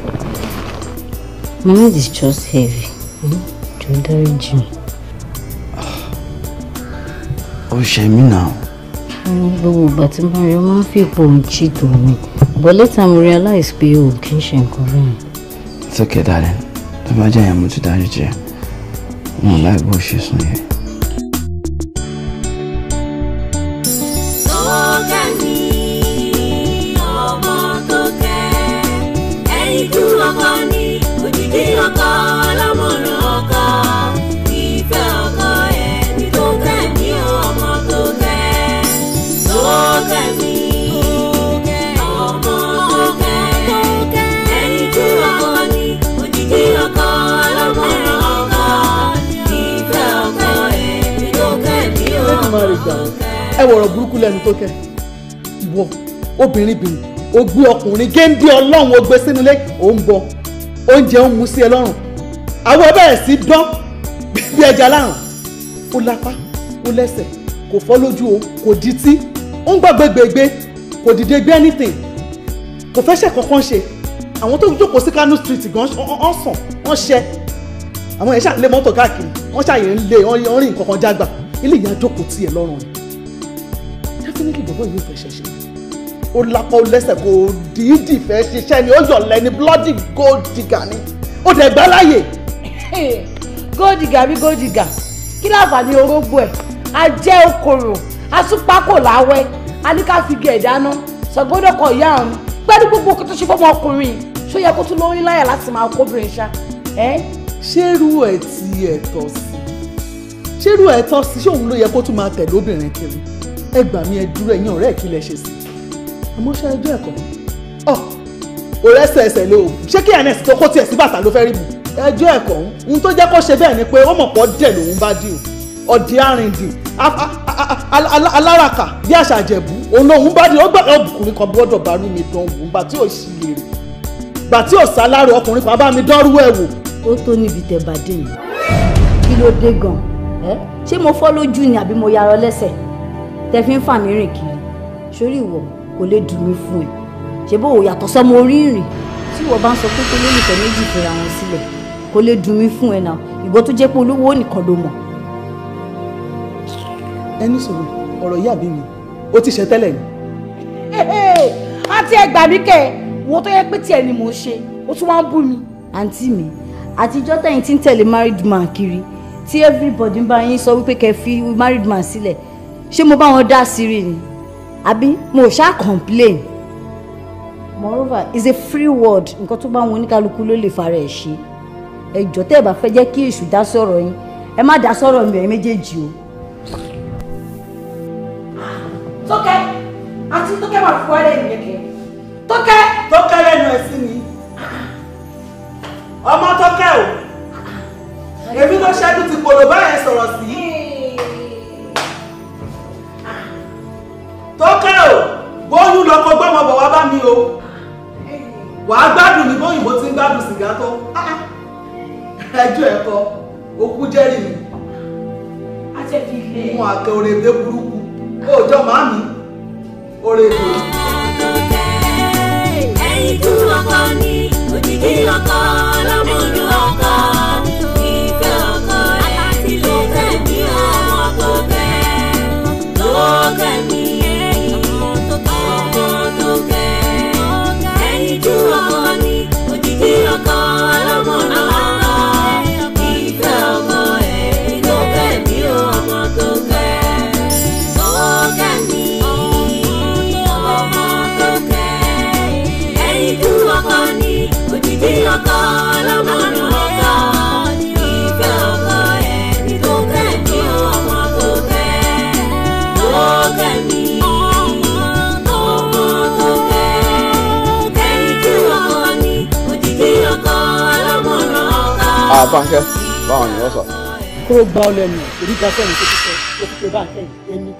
My head is just heavy. Jọ dárí jì mí. Ó ṣe mí náà. Gbogbo ìgbà tí mo rí ọ máa ń fi ipò òǹjì tó mi. But later mo realize pé o kì í ṣe nǹkan bẹ́ẹ̀. It's okay darling. Tó bá jẹ́ ìyàmú tó dárí jì ẹ́ wọn láì bó ṣe sùn yẹn. lẹ́nu tó kẹ́ ìwọ obìnrin bìnrin ó gbé ọkùnrin géńdé ọlọ́run ó gbé sínú ilé ó ń bọ oúnjẹ ń mu sí ẹ lọ́rùn àwọn bẹ́ẹ̀ sí dán bí ẹja lárùn ó lápá ó lẹ́sẹ̀ kò fọ́ lójú o kò di tí ó ń gbọ́ gbégbégbé kò dìde gbé anything kò fẹ́ ṣe kankan ṣe àwọn tó jókòó sí Kano street gan ọ́n sàn wọ́n ṣẹ àwọn yẹn ṣàlẹ́ mọ́tò káàkiri wọ́n ṣàyẹ̀ ń lé wọ́n rìn kankan jágbà ilé ìyá jókòó tiẹ̀ lọ́rùn ni ṣùgbọ́n èyí ò fẹ́ ṣẹ̀ṣẹ̀ ó lápá ó lẹ́sẹ̀ kó o dìídì fẹ́ ṣiṣẹ́ ni ó yọ̀lẹ́ ni bloody gold digger ni ó dẹ̀ gbá láàyè. gold digger bí gold digger kí láǹfààní orógbó ẹ̀ a jẹ́ okòrò a tún pákó láwẹ́ a ní ká fi gé ẹ̀ dáná sọ̀gbọ́dọ̀ kọ̀ ìyá òun pẹ̀lú gbogbo kó tó ṣe fọ́mọ ọkùnrin ṣó yẹ kó tún lóyún láyà láti máa kóbìnrin ṣá. ṣé irú ẹ̀ ti ẹ̀ tọ́ sí ṣé irú ẹ̀ tọ́ sí ṣé òun ló yẹ kó tún máa tẹ̀lé obìnrin kiri ẹ gbà mí ẹ dúró ẹ̀yin ọ̀rẹ́ ìkìlẹ̀ ṣe sí àmọ́ ṣe ẹjọ́ ẹ̀kọ́ ọ òrẹ́ ẹsẹ̀ ẹsẹ̀ ló o ṣé kí àná ẹ̀sìn tó kó tiẹ̀ sí bàtà ló fẹ́ rí mi ẹjọ́ ẹ̀kọ́ ohun tó jẹ́ kó ṣe bẹ́ẹ̀ ni pé ó mọ̀ pọ̀ dẹ̀ lòun bá dì o ọ̀dì arìndì aláràkà bí àṣà àjẹ̀bú òun òun bá dì ó gbà ọkùnrin kan gbọ́dọ̀ bá rú mi dán òun gbà tí ò sí lèrè gbà tí ò sálárò ọkùnrin kan bá mi dánrú ẹ̀ wò. ó tó níbi tẹ bàdé yìí kí ló dé gan-an ṣé mo fọ́ lójú ni àbí mo yarọ lẹ́sẹ̀ tẹ fi ń fà mí rìn kiri sórí ìwọ kò lè dùn mí fún ẹ ṣé bó o yàtọ̀ sọ́mọ orí ìrìn tí ìwọ bá ń sọ pé kó lólùfẹ́ méjì fẹ́ra wọn sílẹ̀ kò lè dùn mí fún ẹ náà ìwọ tó jẹ́ pé olówó nìkan ló mọ̀. ẹni sọ̀rọ̀ ọ̀rọ̀ ìyá àbí mi ó ti ṣe tẹ́lẹ̀ ni. àǹtí ẹ gbà mí wo tó yẹ pé tiẹ̀ ni mò ṣe ó tún wá ń bú mi. àǹtí mi àtijọ́ tẹ̀yìn tí ń tẹ̀lé married man kiri tí everybody ń bá yín sọ wípé kẹ́ fi married man sílẹ̀ ṣé mo bá wọn dá sírí ni àbí mo ṣáà complain moreover is a free word nǹkan tó bá wọn oníkálukú ló lè fara ẹ̀ ṣe ẹjọ́ tẹ́ ẹ bá fẹ́ jẹ́ kí èṣù dá sọ̀rọ̀ yín ẹ má dá sọ̀rọ̀ mi ẹ̀ méjèèjì o. tókẹ́ àti tókẹ́ wà fún ẹ̀rẹ́ ìyẹ́kẹ́ tókẹ́. tókẹ́ lẹ́nu ẹ̀ sí mi ọmọ tókẹ́ o èmi ló ṣẹ́jú ti pòrò báyẹn sọ̀rọ̀ sí i. tókè o bóyún lọkọ gbọmọ bọ wá bá mi o wàá gbádùn ní bóyìnbó ti ń gbádùn sìgá tó ah, ah. ẹjọ́ ẹ kọ okú jẹ́rìí mi mú àkẹ́ òrèlé burúkú òòjọ́ màá mi òrèlé. ní Bánkẹ́ báwo ni wọ́n sọ. kúrò gba ọ lẹ́nu èyí gba sẹ́yìn tó ti sọ tó ti pé Bánkẹ́ ẹni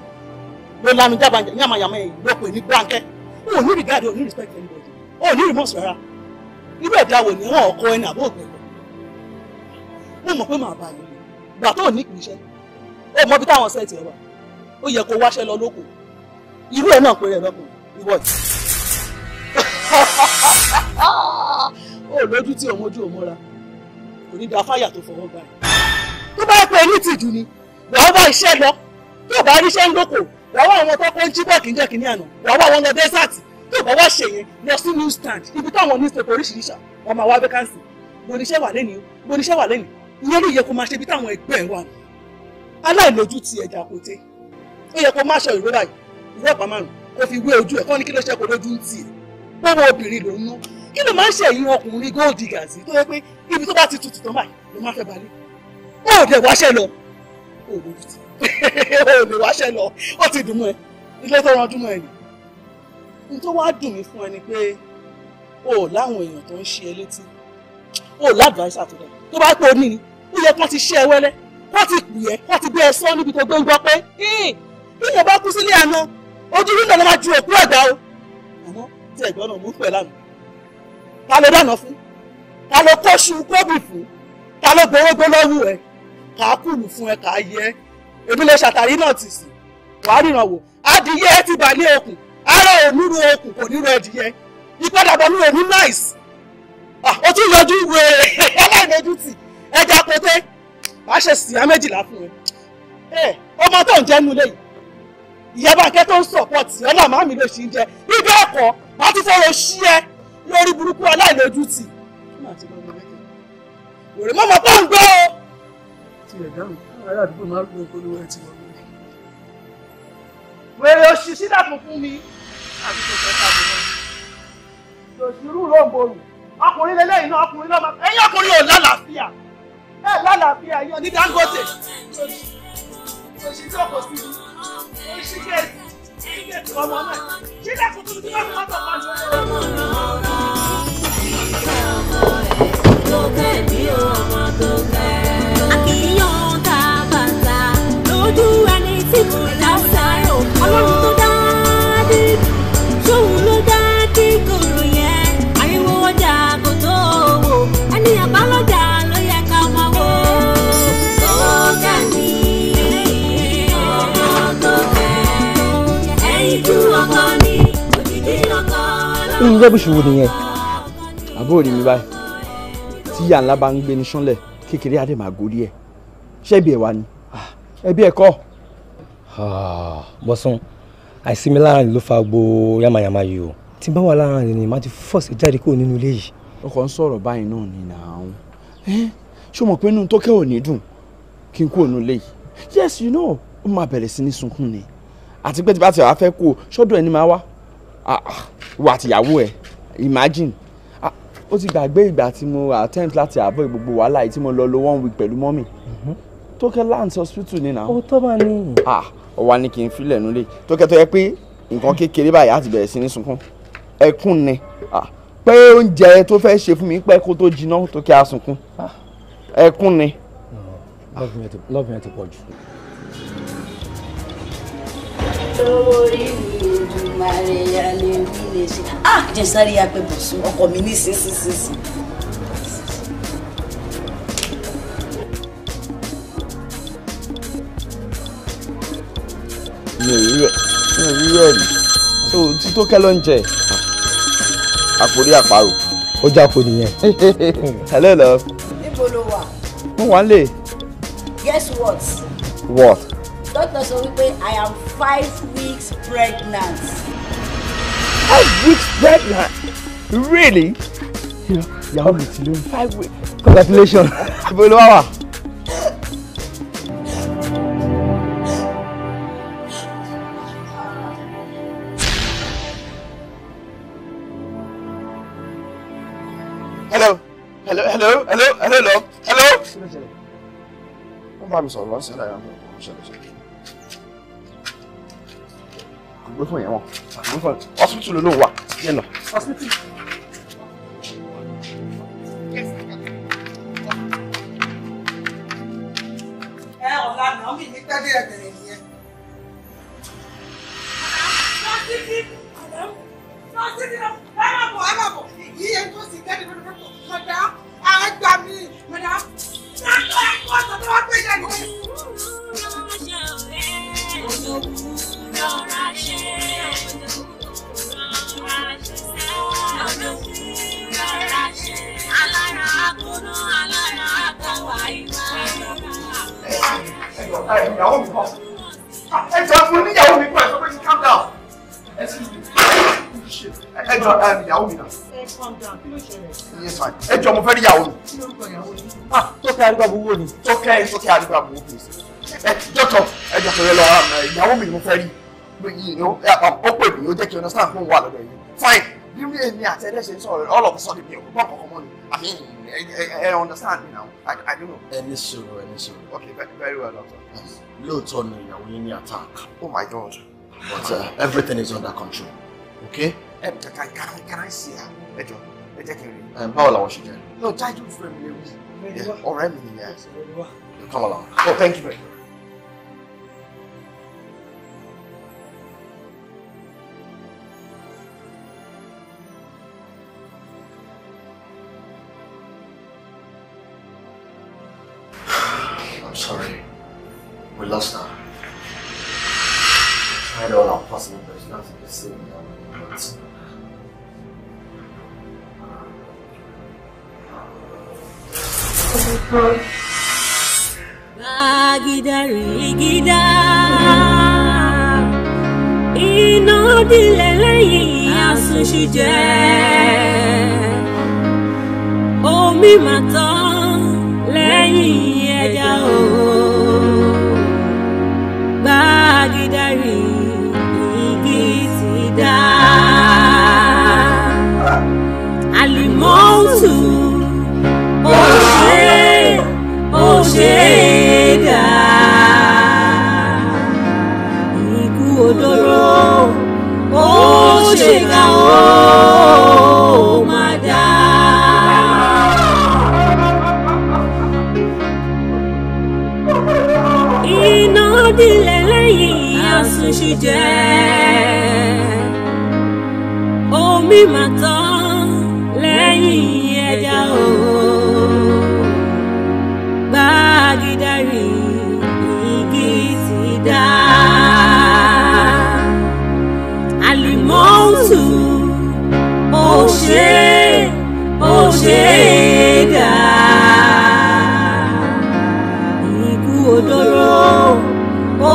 ló lanu jábà ní àmàyàmọ́ ẹ̀yìn ló pè ní Bánkẹ́ ó ní regard ó ní respect anybody ó ní remorse rárá irú ẹ̀dá wo ni wọ́n ọkọ ẹni àbó ògbẹ́ mo mọ̀ pé màá bá yẹn gbà tó ní kìí ṣe ó mọ bí táwọn sẹ́ẹ̀tì ẹ̀ wà ó yẹ kó wáṣẹ́ lọ lóko irú ẹ̀ náà pé rẹ̀ lọ́kùnrin ìwọ yìí ó lójú tí kò ní da fáyà tó fọwọ́ gbà yìí. tó bá pè ní tìjú ni wàá wá iṣẹ́ lọ tó bá ríṣẹ́ ń lóko wàá wá àwọn tó kọ́ ń jí bọ̀ kí ń jẹ́ kí ní àná wàá wá wọn lọ dẹ́sàtì tó bá wá ṣèyẹn lọ sí news stand ibi táwọn newspaper oríṣiríṣi wọn máa wá vacancy gbòníṣẹ́ wà lẹ́nìí gbòníṣẹ́ wà lẹ́nìí ìyẹn ló yẹ kó máa ṣe bí táwọn ẹgbẹ́ ẹ̀ wà ní aláìlójú ti ẹ̀jà kò tẹ́ ó yẹ kó má ṣe ìrora yìí ìwé ọ̀pá márùn-ún kó fi wé ojú ẹ̀ kọ́ ni kí ló ṣe kó lójú ń tì ẹ̀ gbọ́wọ́ obìnrin lòún ná kí ló máa ń ṣe ẹ̀yin ọkùnrin gold diggers tó yẹ pé ibi tó bá ti tutù tán báyìí ló máa fẹ́ balẹ̀ ó dẹ̀ wáṣẹ́ lọ ó lójú ti ó lè wáṣẹ́ lọ ó ti dùn mọ́ ẹ ilé tó rán dúnmọ́ ẹ nì n tó wá dùn mí fún ẹ ni pé o ò láwọn èèyàn tó ń ṣe ẹ létí o ò ládùúgbàṣà tó dà tó bá pé o ní ni ó yẹ kó ti ṣe ẹ wẹ́lẹ́ kó ti pù ẹ́ kó ti gbé ẹ sọ́ níbi tó gbé ń gbọ́ pé ìyẹn bá kú sílé àná ojú rírọ̀ ló máa ju òkú ẹ̀gbá o àmọ́ tí ẹ̀gbọ́n náà mú pẹ̀ lánàá ta ló dáná fún ta ló kóṣù kóbì fún ta ló gbowógbó lọ́wọ́ ẹ kà á kùlù fún ẹ kà á yẹ ẹ èmi lè ṣàtàrí náà tì sí wàá ríran wò adìyẹ ti bà ní okùn ara òmùrù okùn kò ní rẹ adìyẹ ìpadàbọ̀ ní òní náìsì ó tún yọjú ìwé ẹlẹ́ẹ̀mẹ́jútì ẹja pété wàá ṣe síyá méjìlá fún ẹ ọmọ tó ń jẹ́nu léyìí ìyá bá kẹ́ tó ń sọ̀pọ̀ tì ọ́ làmá mi ló ṣì ń bíbẹ́ ẹ̀kọ́ wàá tún fọwọ́ sí ẹ lórí burúkú aláìlójútì. wèrè mọ́ mọ́ pọ́n gbọ́. tilẹ̀ dáhùn ará àdúgbò máa ń lo olówó ẹ̀ tí wọ́n lò. wèrè oṣù sídà funfun mi àti kòkòrò tàbí náà. lòṣìrú rògbòrò ọkùnrin lélẹ́yìn náà ọkùnrin náà máa. ẹ̀yin ọkùnrin ò lálàáfíà ẹ lálàáfíà yọ ní Dangote. lòṣì tí ọkọ̀ síbi lòṣì kẹ́ẹ̀sì ilé tí ọmọ náà ṣílẹ̀kùn tuntun náà mọ́tò kan ṣoṣo. rẹ́bùṣì wo nìyẹn àbúrò rí mi báyìí tí ìyá ńlá bá ń gbé ní sánlẹ̀ kékeré adé máa gorí ẹ̀ ṣẹ́bi ẹ̀ wá ni ẹbí ẹ̀ kọ́. bọ́sán àìsí lára ni ló fa gbo yamayama yìí o tí bá wà lára rẹ̀ ni màá ti fọ́ọ̀sì jáde kúrò nínú ilé yìí. ọkọ ń sọ̀rọ̀ báyìí náà ni nàáhùn ṣé o mọ̀ pé inú tó kẹ́ ò ní dùn kí n kúrò nínú yìí yes you know ó máa bẹ̀rẹ̀ sí ní sunkún ni àti pé tí bá ti wà fẹ́ kú o ẹni máa wá Ah, wà àtìyàwó ẹ̀ imagine ah, ó ti gbàgbé ìgbà tí mo attempt láti avoid gbogbo wàhálà yìí tí mo lọ lo one week pẹ̀lú mọ́mì mhm. tókẹ́ land hospital ni náà. ó tọ́ bá ní. Ah, ó wá ní kí n filẹ̀ nulẹ̀ tókẹ́ tó yẹ pé nǹkan kékeré báyìí á ti bẹ̀rẹ̀ sí ní sunkún ẹkún ni pé oúnjẹ tó fẹ́ ṣe fún mi pẹ́ kó tó jiná tó kí a sunkún ẹkún ni. love me ti pọ̀ jù lówó orí mi ah jẹ́ sáré apẹ bùsùn ọkọ mi ní sísísísì. mi ò rí rẹ̀ mi ò rí rẹ̀ rí so tító kẹ́lọ́ ń jẹ àkórí àparò ó jáko nìyẹn. hello love. níbo ló wà. mo wà lè. guess what. what. Doctor, sọ wípé I am five weeks pregnant. five weeks pregnant really ìyàwó mi ti lóyún five weeks congratulations ibo ló wà wà. hello hello hello hello hello. wọ́n bá mi sọ̀rọ̀ wọ́n ṣẹlẹ̀ àwọn ọmọ ọmọ ṣẹlẹ̀ ṣẹlẹ̀ gbé fún yẹn wọn gbé fún yẹn hospital ló lóun wà yẹn lọ. hospital. ẹ ọ̀la náà mi ní pẹ́ bí ẹ bẹ̀rẹ̀ nìyẹn. hospital hospital ẹ má bọ̀ ẹ má bọ̀ yíyẹ tó ti gẹ́gẹ́ bí wọ́n fẹ́ bọ̀. ìyàwó fine ẹ jọ mo fẹ́ rí ìyàwó mi. kí ló ń kọ ah, ni. jọ́tọ̀ ẹ jọ́tọ̀ lọ ìyàwó mi mo fẹ́ rí ó pè mí ó jẹ́ kí understand fún wa lọ́dọ̀ yìí fine bí èmi àti ẹ̀dẹ̀ ṣe ń sọ̀rọ̀ all of a mi ò gbọ́ kankan mọ́ ni I mean ẹ ẹ understand me now ẹni sọ̀rọ̀ ẹni sọ̀rọ̀. okay very well doctor. lóòótọ́ ni ìyàwó yín ní attack. oh my god. but uh, everything is under control okay ẹ can I can I see her ẹ jọ ẹ jẹ́ kí n rí. báwo làwọn ṣe jẹ. no jáde fún mi léwu ọ̀rẹ́ mi nìyẹn come along oh thank you very much. sorry. We lost her. We tried all our possible, but nothing was seen. Bàgídárìgídá iná dilẹ̀ lẹ́yìn àsunṣu jẹ́ omi mà tán ṣèkà ó oh, máa dá. iná dilẹ̀ lẹ́yìn àsunṣu jẹ́ omi màtọ́. ṣe dà ikú òdòrò ó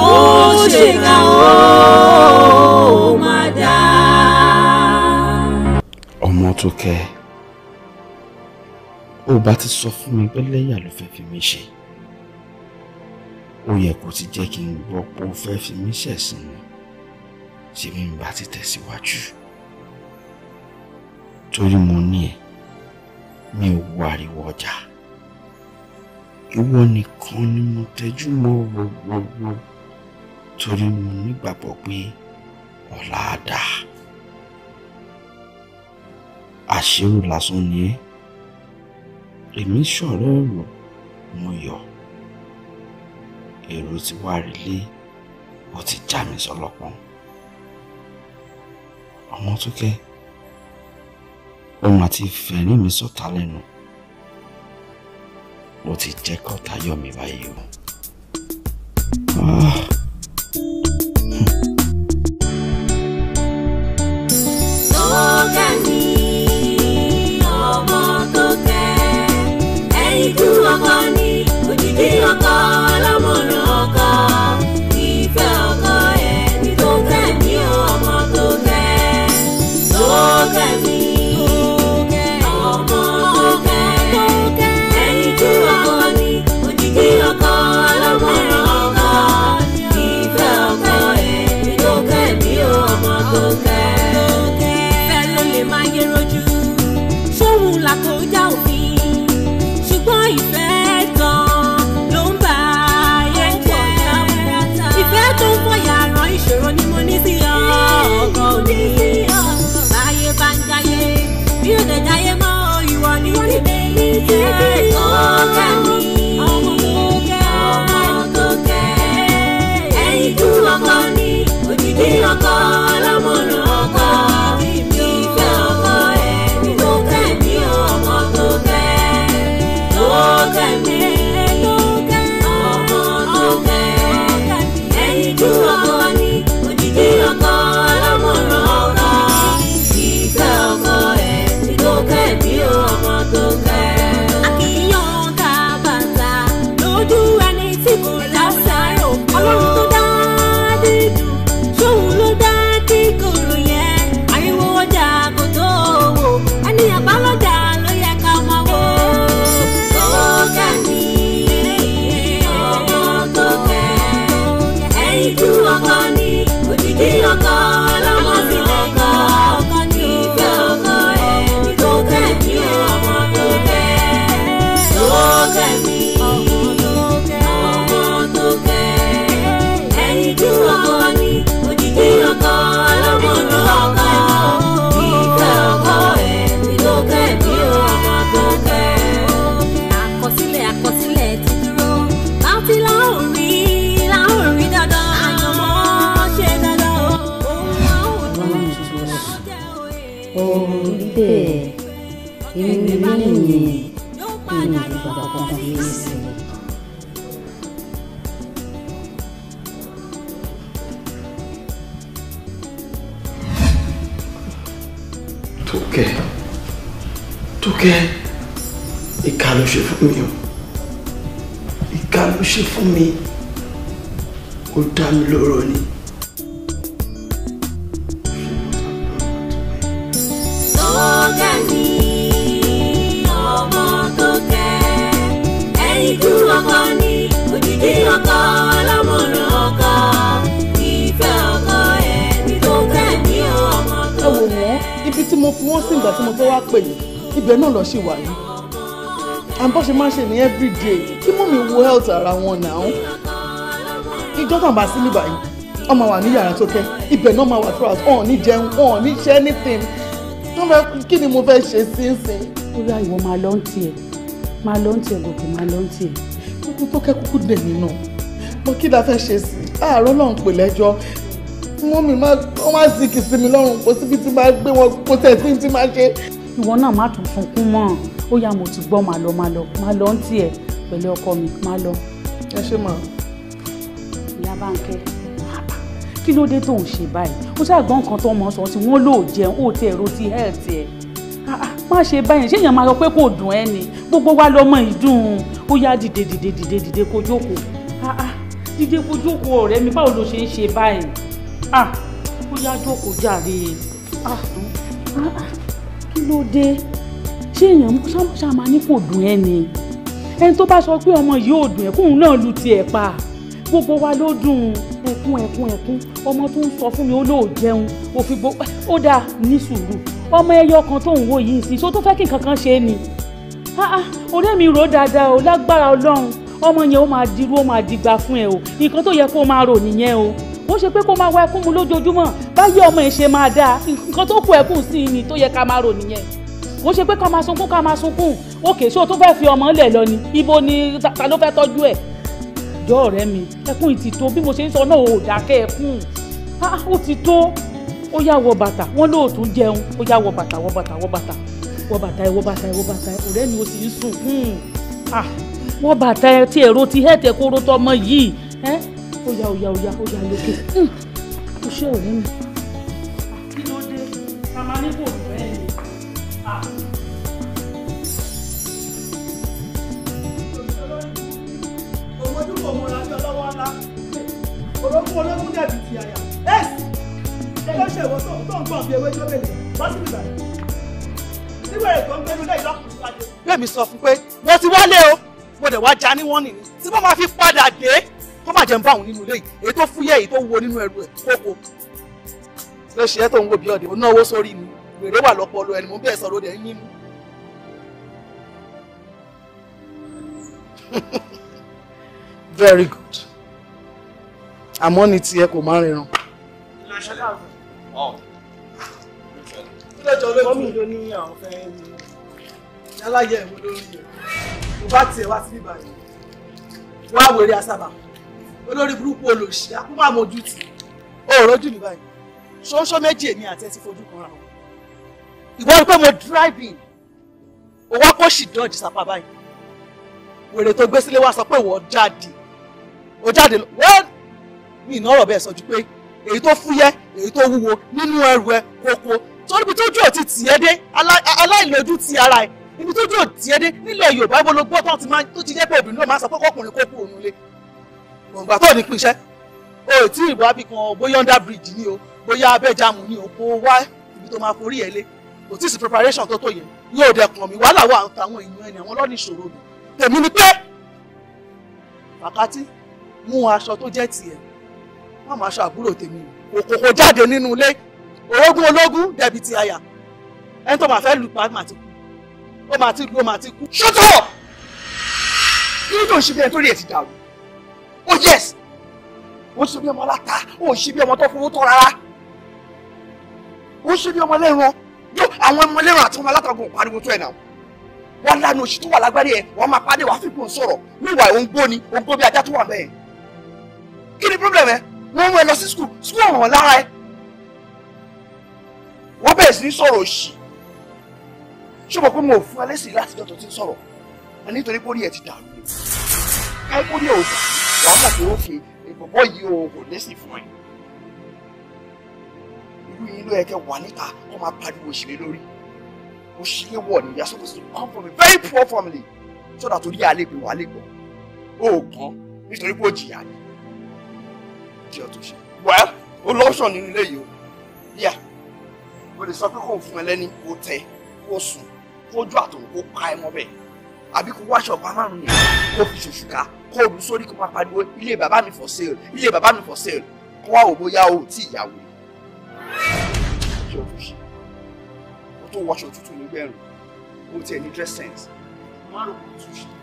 ṣe ká ó má dà. ọmọ tó kẹ ó bá ti sọ fún mi pé lẹ́yà ló fẹ́ fi mí ṣe ó yẹ ti jẹ́ kí n gbọ́ pé ó fẹ́ fi mí ṣẹ̀sìn ni ṣèmi ń bá ti tẹ̀síwájú mo ní ẹ̀ mi ò wariwo ọjà ìwọ nìkan ni mo tẹjú mọ́ gbogbogbò torí mo nígbàgbọ́ pé ọ̀la á dà àṣírò lásán ni ẹ́ èmi ṣọ̀rẹ́ ẹ̀rọ mo yọ èrò ti wá relé ó ti já mi sọlọ́pọ̀n ọmọ tó kẹ́ẹ́ òun àti fẹ̀rí mi sọ̀tà lẹ́nu mo ti jẹ́ kọ́tà yọ̀ mí báyìí o. Ah. ọkọ dé kí mú mi wo health ara wọn náà ìjọ tàn bá sí ní báyìí wọ́n máa wà ní yàrá tó kẹ́ ibẹ̀ náà máa wà throughout wọn ní jẹun wọn ní ṣe anything wọ́n fẹ́ kí ni mo fẹ́ ṣe sínsìn. kúrò àìwọ máa lọ ń tiẹ̀ máa lọ ń tiẹ̀ gòkè máa lọ ń tiẹ̀. kúkú tó kẹ́ kúkú dè mí náà mo kí la fẹ́ ṣe sí àárọ̀ náà ń pè lẹ́jọ́ mú mi má wọ́n má sì kìsì mi lọ́rùn kó síbi tí máa gbé wọn kó tẹ̀ sí ti máa ṣe. ìwọ náà má tún sunkún mọ́ ó yá mo ti gbọ́ màá lọ màá lọ màá lọ ń tiẹ̀ pẹ̀lú ọkọ mi máa lọ. ẹ ṣe mọ. ìyá báńkẹ́ kí ló dé tó ń ṣe báyìí ó ṣàgbọ́n nǹkan tó mọ̀ sọ tí wọ́n lò jẹun ó tiẹ̀ ro ti health ẹ̀ ah, ah, má ṣe báyìí ṣé èèyàn máa lọ pé kò dùn ẹ́ ni gbogbo wa lọ́mọ ìdùn ó yá dìde dìde dìde dìde kó jókòó ah, dìde kó jókòó ọ̀rẹ́ mi báwo ló ṣe ń ṣe báyìí ó yá jókòó jàre kí ló dé ṣé èèyàn ṣá máa ní kò dùn ẹ́ ni ẹni tó bá sọ pé ọmọ yìí ò dùn ẹkún náà lu tiẹ̀ pa gbogbo wa ló dùn ẹkún ẹkún ẹkún ọmọ tó ń sọ fún mi ó lóò jẹun òfin gbó ó dáa ní sùúrù ọmọ ẹyọ kan tó ń wò yìí sí so tó fẹ́ kí nǹkan kan ṣe é ni ọ̀rẹ́ mi rò dáadáa o lágbára ọlọ́run ọmọ yẹn ó máa dirú ó máa dìgbà fún ẹ o nǹkan tó yẹ kó máa rò nìyẹn o ó ṣe pé kó máa wá ẹkún mu lójoojúmọ́ báyìí ọmọ ẹ ṣe máa dáa nǹkan tó kù ẹkún sí ni tó yẹ ká máa rò nìyẹn kò ṣe pé ká máa sunkún ká máa sunkún òkè ṣé o tún fẹ́ẹ́ fi ọmọ lẹ̀ lọ ni ibo ni ta ló fẹ́ẹ́ tọ́jú ẹ̀ jọ ọ̀rẹ́ mi ẹkún yìí ti tó bí mo ṣe ń sọ náà ò dákẹ́ ẹkún ó ti tó ó yá wọ bàtà wọn lóòótọ́ jẹun ó yá wọ bàtà wọ bàtà wọ bàtà wọ bàtà ẹ wọ bàtà ẹ wọ bàtà ẹ ọ̀rẹ́ mi ò sì ń sunkún wọ bàtà ẹ tí èrò ti hẹ́ẹ̀tì ẹ̀kọ́ oró tọmọ yìí ó yá ó yá ó yá ó yá lókè hmm, ó ṣe ọ̀rẹ́ mi. ṣe ìwọ tó tó ń gbọ̀n bí ewé tó bèlè bọ́ sí ìgbà síwèrè tó ń gbénu lẹ́yìn lọ́kùnrin pàdé. bẹ́ẹ̀mi sọ fún pé mo ti wálé o mo dẹ̀ wá já ní wọ́n nìyí tí wọ́n máa fi padà dé kó má jẹ́ ń bá òun nínú ilé yìí èyí tó fúyẹ́ èyí tó wo nínú ẹrù ẹ̀ kókó ló ṣe é tó ń wo bí ọ̀dẹ̀ ó náwó sórí mi wèrè wà lọ́pọlọ ẹni mo bẹ́ẹ̀ sọ lóde ẹ̀yìn mi. very good àmọ́ ní tiẹ̀ kò má ríran mọ́mí ló ní àwọn fẹ́ ní aláyẹ̀ ìwé lórí rẹ̀ mo bá tiẹ̀ wá sí ìbàdàn wá wèrè àsábà olórí burúkú olòṣì akúmọ̀ àmójútì òòró jù ní báyìí ṣóńṣó méjì èmi àti ẹ ti fojú kan ra wọn ìwọ rí pé mo driving owó kò sì dọ́ọ̀jì sápá báyìí wèrè tó gbé sílé wá sọ pé wọ́n jáde ó jáde wọ́n mi ìnáwó bẹ́ẹ̀ sọ ju pé èyí tó fúyẹ́ èyí tó wúwo nínú ẹrù ẹ kókó torí ibi tójú ò ti tì ẹ́ dé aláìlójú ti ara ẹ̀ ibi tójú ò tì ẹ́ dé nílẹ̀ Yorùbá gbọ́lógbó tó ti máa tó ti jẹ́ pé obìnrin náà máa sọ pé kọkùnrin kó kú òun lé gbọ̀ngbà tó ní pinṣẹ́ o ò tí ìbò abì kan bóyá under bridge ni o bóyá abẹ́jàmù ni o kó wá ibi tó máa forí ẹ lé kò tí ì sí preparation tó tó yẹ yóò dẹkùn mi wàhálà wà àtàwọn èèyàn ẹni àwọn lọ́nà ìṣòro mi tèmi ni pé wákàtí mú aṣọ tó jẹ́ tiẹ̀ má máa ṣàbúrò tèmi òkòkò jáde nínú ilé orogún ológun dẹbi ti àyà ẹni tó máa fẹ́ lù pa máa ti kú ó máa ti lù ó máa ti kú. ṣọ́tọ̀ kí ló ń ṣe bí ẹni tó rí ẹ̀ dàrú oh yes ó ṣe bí ọmọ aláta ó ṣe bí ọmọ tó fowó tọ́ rárá ó ṣe bí ọmọ lẹ́ran yóò àwọn ọmọ lẹ́ran àti ọmọ alátagun pariwo tó ẹ̀ náà wọ́n lánàá oṣù tó wà lágbárí ẹ̀ wọ́n máa pàdé wàá fipò sọ̀rọ̀ níwà òun gbóni òun gbó bí ajá tó wà bẹ́ẹ̀ kí ni problem ẹ̀ wọ́n mú ẹ lọ sí skul skul ọ̀hún lára ẹ wọ́n bẹ̀rẹ̀ sí ní sọ̀rọ̀ òṣì ṣọ́bọ̀ pé mo fún alẹ́ sí láti dọ́tọ̀ tí ń sọ̀rọ̀ nítorí pórí ẹ ti dàrú káí pórí ẹ ò dà wàhálà tó ó fi ìbọ̀bọ̀ yìí o kò lẹ́sìn fún ẹ irú yín ló yẹ kẹ wà níta kó máa pariwo òṣèré lórí òṣèré wọ̀ ni you are supposed to come from a very poor family sọ́dà torí àlégbè wà lẹ́gbọ̀n ó gbọ́n nítorí pé ó jìyà ni jẹ́ ọ̀túnṣe well o lọ́ṣọ̀ nínú ilé yìí o yà o lè sọ pé kò fún ẹ lẹ́ni kò tẹ kò sùn kójú àtòun kó ka ẹ mọ́ bẹ́ẹ̀ àbí kó wáṣọ ọ̀pá márùn-ún yẹn kó fi ṣòṣù ká kó olú sórí kó máa pariwo ilé bàbá mi for sale ilé bàbá mi for sale kó wá wò bóyá o tí ìyàwó ṣe ọ̀túnṣe o tó wọṣọ tuntun nígbẹ̀rún o tiẹ̀ ní dress sense má lò kó tún ṣe.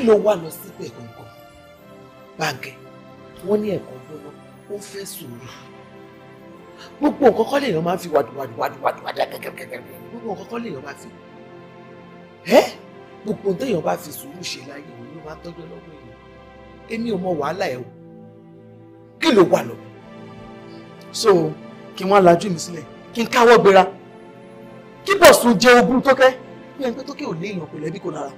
kí ló wà lọ síbẹ̀ gangan bàǹkẹ́ wọ́n ní ẹ̀kọ́ gbóná ó fẹ́ sùúrù gbogbo nǹkan kọ́ lèèyàn máa ń fi wàdùwàdù wàdùwàdù wàdà kẹ́kẹ́kẹ́kẹ́ gbogbo nǹkan kọ́ lèèyàn máa fi ẹ́ gbogbo téèyàn bá fi sùúrù ṣe láyé òun ló máa tọ́jú lọ́wọ́ èèyàn èmi ò mọ wàhálà ẹ̀ o kí ló wà lọ. so kí wọ́n lajú mi sílẹ̀ kí n káwọ́ gbéra kí bọ̀sùn jẹ ogun tókẹ́ bí ẹni pé tókè ò léèyàn kò lẹ́bí kò lára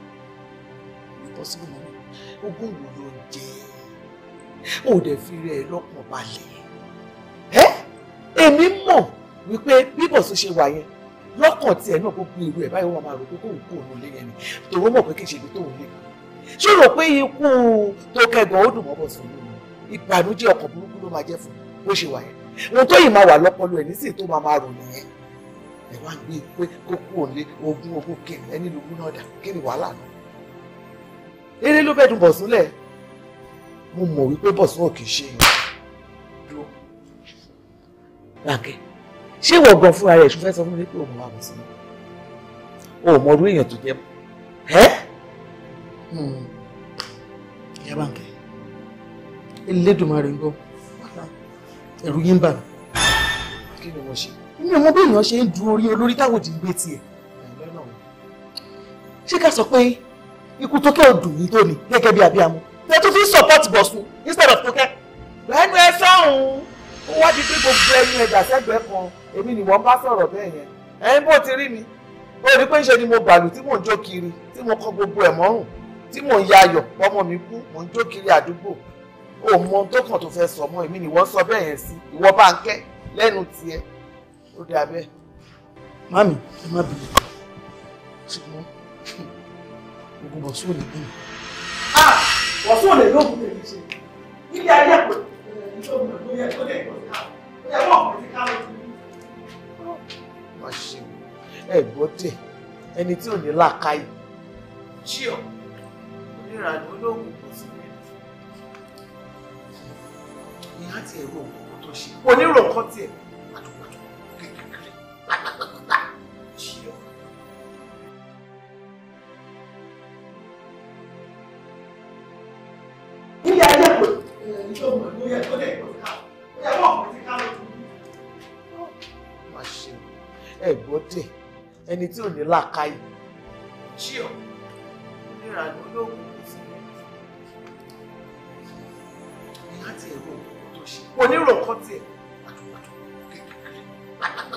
possible mọ́ni ogún wo ló ń jẹ ò dẹ̀ fi rẹ̀ lọ́kàn balẹ̀ ẹ́ èmi mọ̀ wípé bíbọ̀ tó ṣe wà yẹn lọ́kàn tiẹ̀ náà gbogbo èrò ẹ̀ báyìí wọ́n máa rò pé kóun kó òun lé yẹn ni tòun mọ̀ pé kì í ṣe ibi tóun lé ṣé rò pé ikú tó kẹgàn ó dùn mọ́ bọ̀ sí i ìbànújẹ́ ọkàn burúkú ló máa jẹ́ fún bó ṣe wà yẹn ohun tó yìí máa wà lọ́pọlọ ẹ̀ nísìnyí tó máa máa rò nìyẹn ẹ̀ wá gbé pé kókó òun lé ogún ogún kiri ẹni lógún náà dà kiri wàhálà náà eré ló bẹ̀dùn bọ̀sún lẹ̀ mo mọ̀ wípé bọ̀sún ò kì í ṣe èèyàn dúró ràkẹ́ ṣé ìwọ gan fúnra rẹ̀ ṣùgbọ́n sọ fún mi pé òun wà bọ̀sún o ò mọ irú èèyàn tó jẹ́ ẹ́ hmm. ìyá bàǹkẹ́ Elédùmarè ń gbọ́ ẹ̀rù yín bà mí kí ni mo ṣe inú ọmọ bí èèyàn ṣe ń du orí olórí táwọn ò ti gbé tiẹ̀ ṣé ká sọ pé ikú tókẹ́ ò dùn yìí tó ni gẹ́gẹ́ bí abiyamọ ẹ tún fi support bọ̀sùn instead of tókẹ́. lẹ́nu ẹ sọ́hùn-ún ó wá di pé gbogbo ẹnu ẹ̀dà sẹ́gbẹ̀ẹ́ kan èmi ni wọ́n bá sọ̀rọ̀ bẹ́ẹ̀ yẹn ẹ̀yin bó ti rí mi ó rí pé ńṣe ni mo bàlù tí mò ń jó kiri tí mo kọ gbogbo ẹ̀ mọ́rùn tí mò ń yayọ̀ ọmọ mi kú mò ń jó kiri àdúgbò ó mọ ohun tó kàn tó fẹ́ sọ mọ́ èmi ni wọ́n sọ bẹ́ẹ̀ yẹn sí ìwọ bá ń kẹ́ lẹ́nu tiẹ̀ ó dà bẹ́ẹ̀. mami ẹ má bìí ṣùgbọ́n ogun bọ̀ sóòlè bí. wọ́n ah! sóòlè ló kú èyí ṣe nílé ayé àpò ìṣòwò ìgbóyè tó dé ìkọ̀sí ká ó yẹ kó ọkùnrin ti ká lọ sí i. wọ́n ṣe ẹ̀gbọ́n tẹ̀ ẹni tí ò ní làákàyè. chíọ̀ onírànú olóògùn kò sí ní ẹ̀dùn. ìyá ti ẹ̀rọ òkùnkùn tó ṣe onírò kan tiẹ̀ àdùgbàdùn kékeré pátápátá chíọ̀. ẹni tó mọ̀ ló yẹ tó lè kó ká ó yẹ mọ̀ kó ti ká lójú. má ṣe ẹ̀gbọ́n dẹ̀ ẹni tí ò ní làákàyè jí ọ̀ onírànú yóò kú kú sí i. ìyá tiẹ̀ rò tó ṣe onírò kan tiẹ̀ pàtó pàtó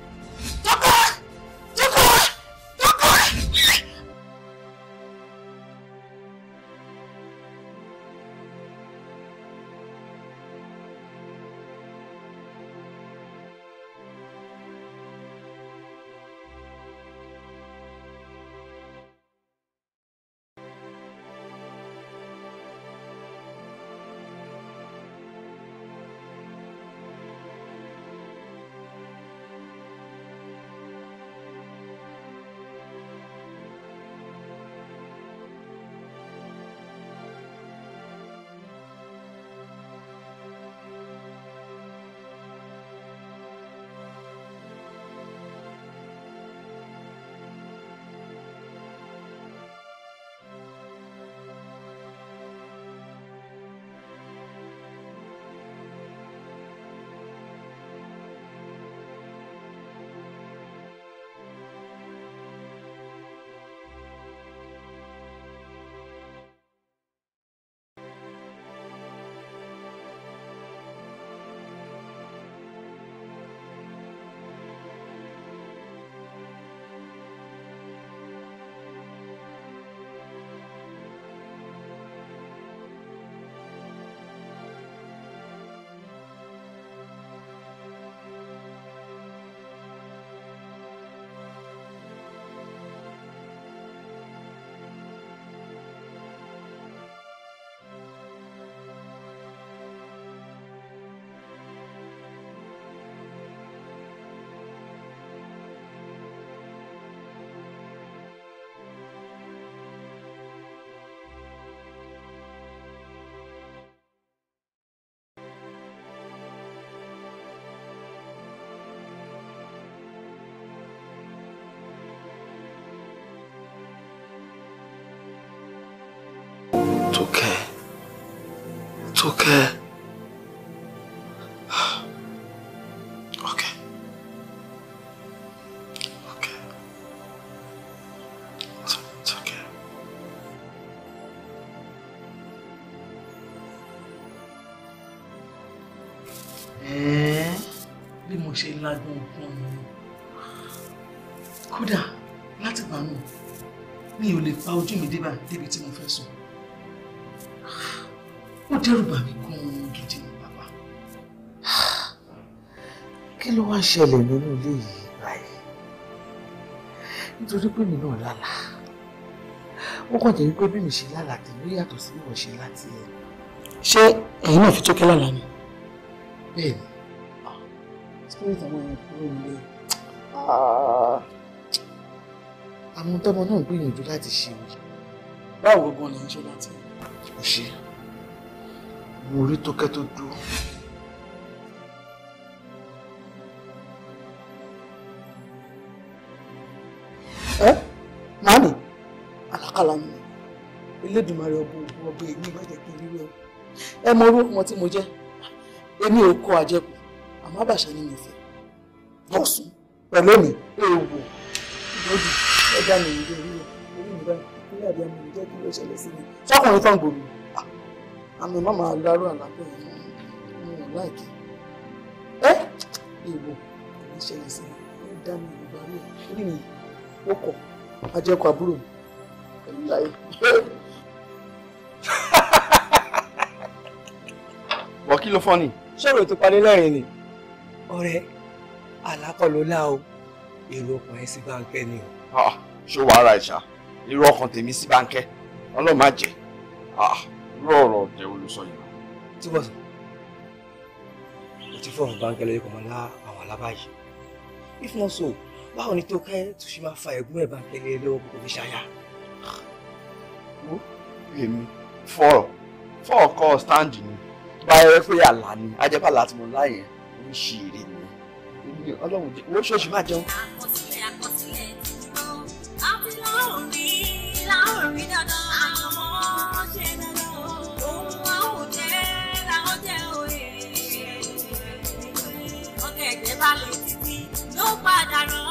Tókẹ́ Tókẹ́. Okay. Okay. It's, it's okay. Ẹ̀ẹ́ eh, bí mo ṣe lágbọ́n òkun mi. Kódà látìgbà náà mi ò lè pa ojú mi débà débi tí mo fẹ́ sùn ó dẹ́rù bà mí gan-an gidi ni bàbá. kí ló wá ń ṣẹlẹ̀ nínú ilé yìí báyìí nítorí pé mi náà lálàá ó kàn jẹ́ wípé bí mi ṣe lálàá tèmi ó yàtọ̀ sí ìwọ̀n ṣe láti ẹ̀. ṣé ẹ̀yin náà fi tókẹ́ lálàá ni. bẹ́ẹ̀ni ah, spirit àwọn èèyàn kúrò nílé ah. àwọn tọmọ náà gbìyànjú láti ṣe báwo gan ni ń ṣe láti. ó mo rí tókẹ́ tó dúró. ẹ màámi alákàlà ni Elédùmarè ọgbọ ògbó ọgbẹ èmi má jẹ́ kí n rí ẹ ẹ mọ orú ọmọ tí mo jẹ́ èmi ò kọ àjẹkù àmọ́ àbàṣà ni mi fẹ́ bọ́ọ̀sùn pẹ̀lú mi èèwọ̀ ìdọ́jú ẹ̀dá mi ìdí orí rẹ̀ orí mi báyìí nígbà bí a mọ̀ ní jẹ́ kí ló ṣẹlẹ̀ sí mi sọ́kùnrin tán gbòòrò àmì má máa dárò àlábẹ́ yẹn fún mi ò láìkí ẹ́ ìbò kò ní ṣẹlẹ̀ sí mi ó dá mi ìgbà mi orí mi ó kọ̀ ajẹ́kọ̀ àbúrò mi pẹ̀lú láyé. wọ́n kí ló fọ́ ni. sọ̀rọ̀ tó parí lẹ́yìn ni ọ̀rẹ́ alákọ̀lólá o èrò ọkàn ẹ̀ sí báńkẹ́ ni o. Ah, ṣó wàá ra ìṣá èrò ọkàn tèmi sí báńkẹ́ ọlọ́ọ̀ má jẹ́. Ah irú ọ̀rọ̀ ọ̀tẹ̀ olùsọ yìí. tí wọ́n sọ mo ti fọ̀rọ̀ báńkẹ́lẹ́ yìí kò máa lá àwọn alábàáyé if not so báwo ni tó kẹ́ tó ṣe máa fa ẹ̀gbọ́n ẹ̀ báńkẹ́lẹ́ lọ́wọ́ kò fi ṣàyà. èmi fọ̀rọ̀ fọ̀rọ̀ kọ́ stand ni báyọ̀ pé àlá ni ajẹ́pà láti mọ láyẹn ó ń ṣe èrè ni èmi ọlọ́run wọ́n ṣọ́ọ̀ṣì máa jẹun. àkọsílẹ̀ àkọsílẹ̀ ti dúró àfi láwọn rí láwọn balẹ̀ títí ló padà rán.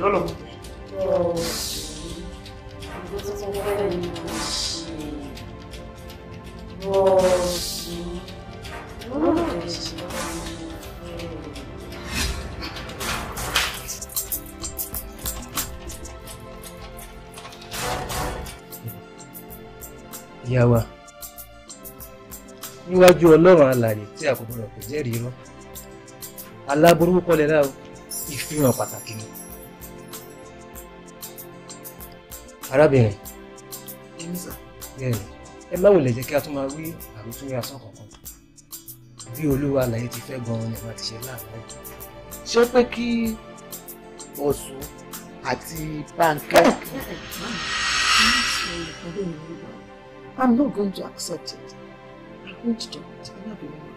lọ́nà. ìyá wa níwájú ọlọ́run alàyè tí àkókò rẹ̀ kò jẹ́rìí rọ́ aláborí kọ́lẹ̀ náà ìfihàn pàtàkì. arábìnrin ẹ má wòlẹ̀ jẹ́ kí a tún máa wí àròtúnrí asán kankan bí olúwa àlàyé ti fẹ́ gan ni màá ti láàárọ̀ ẹ̀. ṣé pé kí ọ̀sùn àti báńkẹ́. I'm not going to accept it. I won't do it. I'm not going to.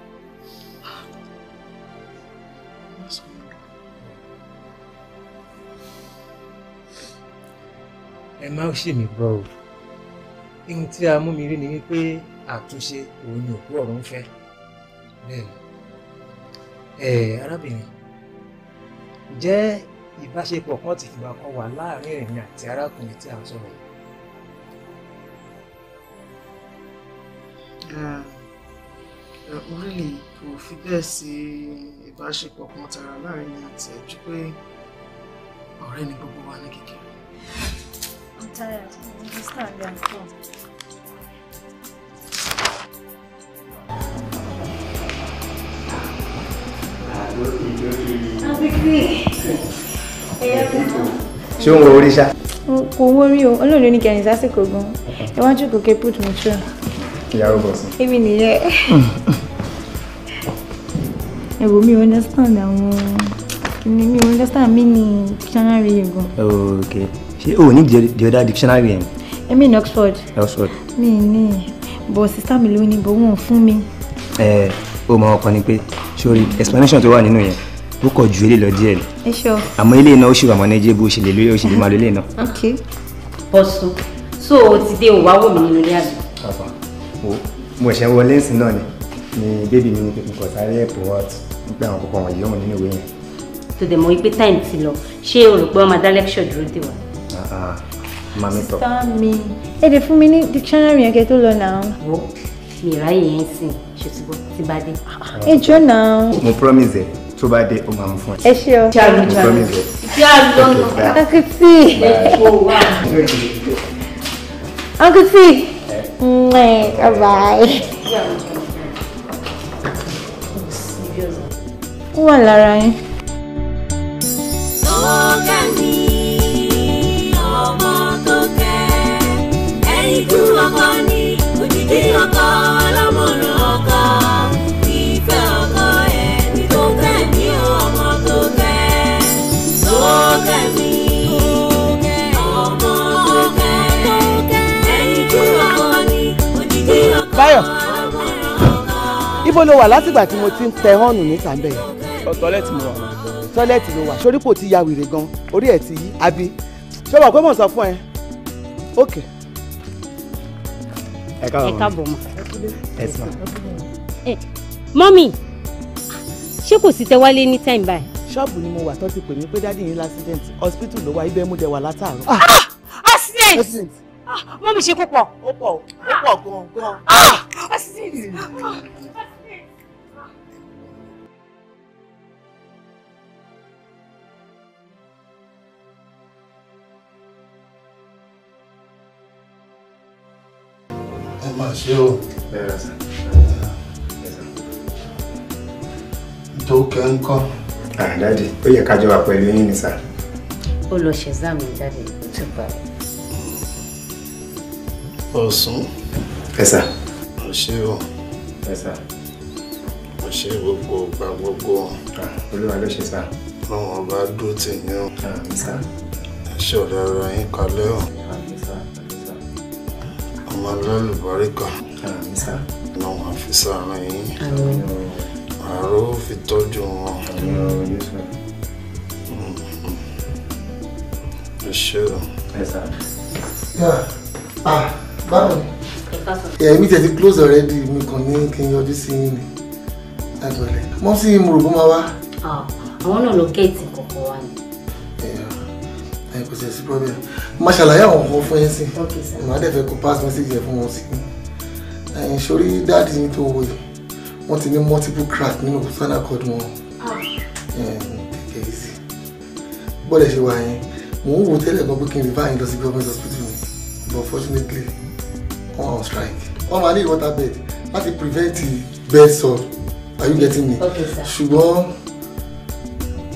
ẹ má ṣì mí gbọ́ o ihun tí a mú mi rí ni wípé àtúnṣe òun ni òkú ọ̀run ń fẹ́ bẹ́ẹ̀ ẹ arábìnrin ǹjẹ́ ìbáṣepọ̀ kan ti fìgbà kan wà láàrin èmi àti arákùnrin tí a ń sọ̀rọ̀ yìí. orílẹ̀ kò fi bẹ́ẹ̀ sí ìbáṣepọ̀ kan tara láàrin àti ẹ̀jú pé ọ̀rẹ́ ni gbogbo wa ní kékeré. I'm tired. I understand they are poor. ṣé ń wo orí ṣá. kò wó rí o olóòlù ní kẹrin sásìkò gan iwájú kò ké put me through. ìyàwó bọ̀ sí. èmi nìyẹn. ẹ̀rù mi understand àwọn mi understand mi ní january yìí gan. Oh, okay ṣé o ní the other dictionary yẹn. èmi ní Oxford. Oxford. mi ní bọ̀ sísá mi ló ní bọ̀ wọ́n fún mi. ẹ o mọ ọkàn ni pé sori explanation tó wà nínú yẹn ó kọ ju ilé lọ díẹ̀ lọ. ẹ ṣọ. àmọ́ ilé iná ó ṣe wà mọ́nẹ́jẹ́ bó ṣe lè lóye ó ṣe lè máa lo ilé iná. ok. bọ́sù so o ti dé òwá wò mí nínú ilé àgbẹ̀. àbá wo mo ṣe wọlé ǹsìn náà ni ni bébì mi nǹkan sáré ẹ̀pọ̀ wọ́t nígbà àwọn kọ̀ọ̀kan wọ̀nyí ó mọ̀ nínú ìwé yẹn. tó dẹ̀ mọ̀ wípé táìmù ti lọ ṣé o rò pé wọ́n máa dá lẹ́kṣọ̀ dúró dè wá ah mami tọ. sista mi èdè fún mi ní dictionary yẹn kẹ tó lọ náà. wo mi ìráyè yẹn sìn ṣètìbọ tí bá dé. ẹ jọ náà. mo promise ẹ tó bá dé o máa mú fún ẹ. ẹ ṣe o. jaabi jaabi jaabi lọ́nà. akuti. akuti. bye. Eh? ó wà lára yín. níbo ló wà látìgbà tí mo ti ń tẹ họ́ọ̀nù níta bẹ́ẹ̀. tọ́lẹ́tì ló wà. tọ́lẹ́tì ló wà sórí kò ti ya wèrè gan orí ẹ̀ ti yí àbí ṣé wàá pẹ́ mọ̀ sọ fún ẹ ókè. ẹ káàbọ̀ mọ́ ẹ sọ. mọ́mì ṣé kò sí tẹ́wálé ní time báyìí. ṣọ́ọ̀bù ni mo wà tó ti pè mí pé dáàdì yín lásìdẹ̀ǹtì hospital ló wà ibẹ̀ mú dẹ̀ wà látàárọ̀. Ah! accident ah, mọ́mì ṣe kó pọ̀. ó pọ̀ ó pọ̀ gan-an. Ah! accident. ẹ mà ṣe o. tó kẹ́ ń kọ́. àdáde ó yẹ ká jọba pẹ̀lú yín ni sà. ó lọ ṣe záàmù jáde tó bá rẹ. ọ̀sùn. ẹ sà. ó ṣe o. ẹ sà. ó ṣe gbogbo gba gbogbo. olúwa ló ṣe sà. ọmọ ọba dúró tì ẹ ṣe ọ̀dọ̀ yín kalẹ́ o ọmọ alálùbáríkà náà wàá fi sáàárín yín àárọ̀ ó fi tọ́jú wọn. ẹ ṣé o. Ah, ah, báwo ni èmi tẹ̀ close already mi kàn ní kí n yọjú sí yín ni lágbọ̀lẹ̀ wọ́n sì mú rògbò máa wá. Ah, àwọn náà ló kéètì kọ̀ọ̀kan wá ni. ẹ kò tẹ̀ problem máa ṣàlàyé àwọn ọkọ fún ẹ sí màá dẹ̀ fẹ́ kó pass message yẹn fún wọn sí ẹ̀yìn sórí dáàdì ní tó wọ yìí wọ́n ti ní multiple crack nínú spinal cord wọn gbọ́dọ̀ ah. ṣe wà yẹn mò ń wò tẹ́lẹ̀ gan pé kí n bá yín lọ sí government hospital but fortunately wọ́n on strike wọ́n máa ní water bed láti prevent bed sore are you getting me ṣùgbọ́n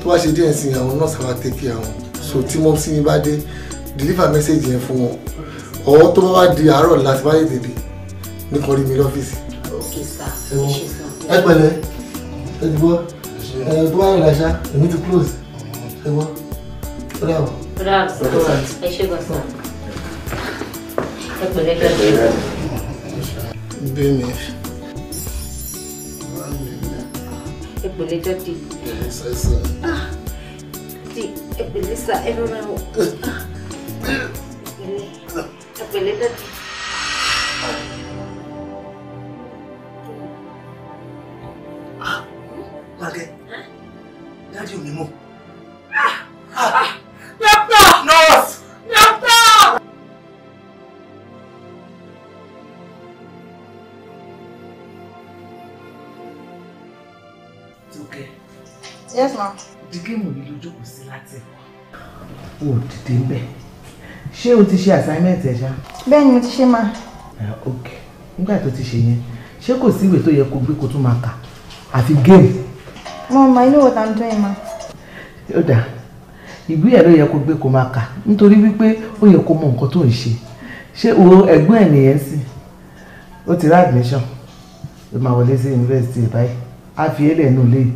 tó bá ṣe díẹ̀ sí àwọn nurse àwọn take care àwọn so tí mo sì ní bá dé deliver message yẹn fún wọn ọwọ́ tó bá wá di àárọ̀ láti bá yètè dé ní kọrí mi lọ́fíìsì. ẹ pẹ̀lẹ́ ẹ ti gbọ́ ẹ tó bá rìn láṣá èmi ti close ẹ gbọ́ ó dà bọ̀. ó dà bọ̀ ẹ ṣe gbọ́ sọ ẹ pẹ̀lẹ́ ẹ pẹ̀lẹ́. bẹ́ẹ̀ ni ẹ̀pẹ̀lẹ́ jáde. ẹ̀pẹ̀lẹ́ ah, sá ẹ̀rọ rẹ̀ wọ̀. ẹ pẹ̀lẹ́ dẹ́bi. Magẹ, dájú mi mọ̀. Dọ́kítà! Nọ́ọ̀sì! Yes ma. Dìgé mò ní lójókòó sí láti. O ò dìde ń ṣé o ti ṣe assignment ẹ ṣá. bẹ́ẹ̀ mo ṣe máa. ok nígbà tó ti ṣe yẹn ṣé kò sí ìwé tó yẹ kó gbé kó tún máa kà àfi game. mo mọ inú wo ta ń dún ma. ó dáa ìwé ẹ̀ ló yẹ kó gbé kó máa kà nítorí wípé ó yẹ kó mọ nǹkan tó ń ṣe ṣé o ẹ̀gbọ́n nìyẹn ti rá admission máa wọlé sí báyìí fi ẹlẹ́nu lé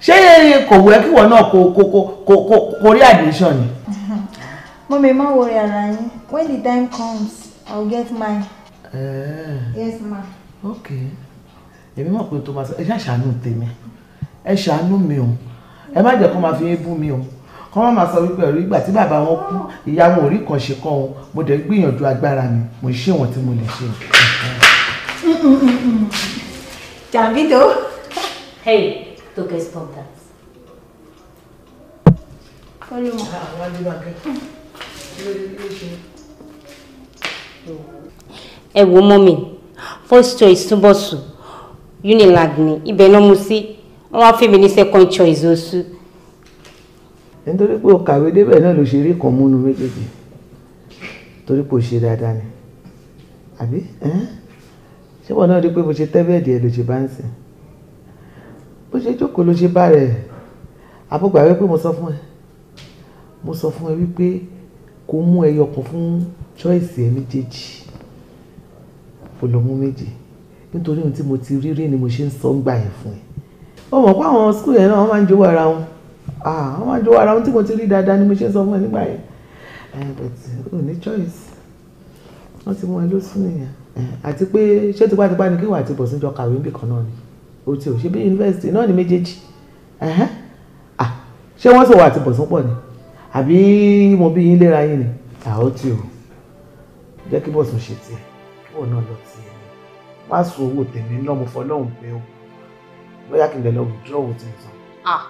ṣé kò kí wọ́n náà kò kò kò kò kò rí admission ni. mọ́mi má worry ara yín when the time comes I'll get mine. Uh, yes ma. ok èmi mọ̀ pé tó máa sọ ẹ ṣàṣàánú tèmi ẹ ṣàánú mi o ẹ má jẹ́ kó máa fi yín bú mi o kọ́ máa sọ wípé ọ̀rọ̀ ìgbà tí bàbá wọn kú ìyá wọn ò rí kan ṣe kọ́ wọn mo dẹ̀ gbìyànjú agbára mi mo ṣe wọn tí mo lè ṣe. jàǹbí tó. hey Tu che scontați? Columă. Ha, mai bine că. Ẹ wo mọ́mì, first choice Túbọ̀sù, Unilag ni, ibẹ̀ náà mú sí, wọ́n wá fèmí ní second choice Oṣù. Nítorí pé o kàwé débẹ̀ náà ló ṣe rí kan múnú méjèèjì, torí pé o ṣe dáadáa ni, àbí? Ṣé wọn náà rí pé mo ṣe tẹ́bẹ̀ẹ̀dì ẹ̀ ló ṣe bá ń sìn? bó ṣe jókòó ló ṣe bá rẹ̀ àbúgbà wípé mo sọ fún ẹ mo sọ fún ẹ wípé kò mú ẹyọ kan fún choice ẹ méjèèjì kò lọ mú méjì nítorí ohun tí mo ti rí rí ni mo ṣe ń sọ ń gbà yẹn fún ẹ ó mọ̀ pé àwọn skul yẹn náà wọ́n máa ń jówó ara wọn àwọn máa ń jówó ara wọn tí mo ti rí dáadáa ni mo ṣe ń sọ fún ẹ nígbà yẹn but o ní choice wọ́n ti mú ẹ lóṣù nìyẹn àti pé ṣé tipátipá ni kí wàá ti bọ̀ síjọ kàwé níbìkan náà ni o ti o ṣe bí yunifásitì náà ni méjèèjì ṣé wọ́n sì wà àti bọ̀sán pọ̀ ni àbí mo bí yín léra yín ni àó tí o jẹ́ kí bọ̀sán ṣe tiẹ̀ kí wọ́n náà lọ sí ẹ̀ má sùn owó tèmi náà mo fọ́ lọ́hùn pé o bóyá kí n lè lọ withdraw owó tí mo ah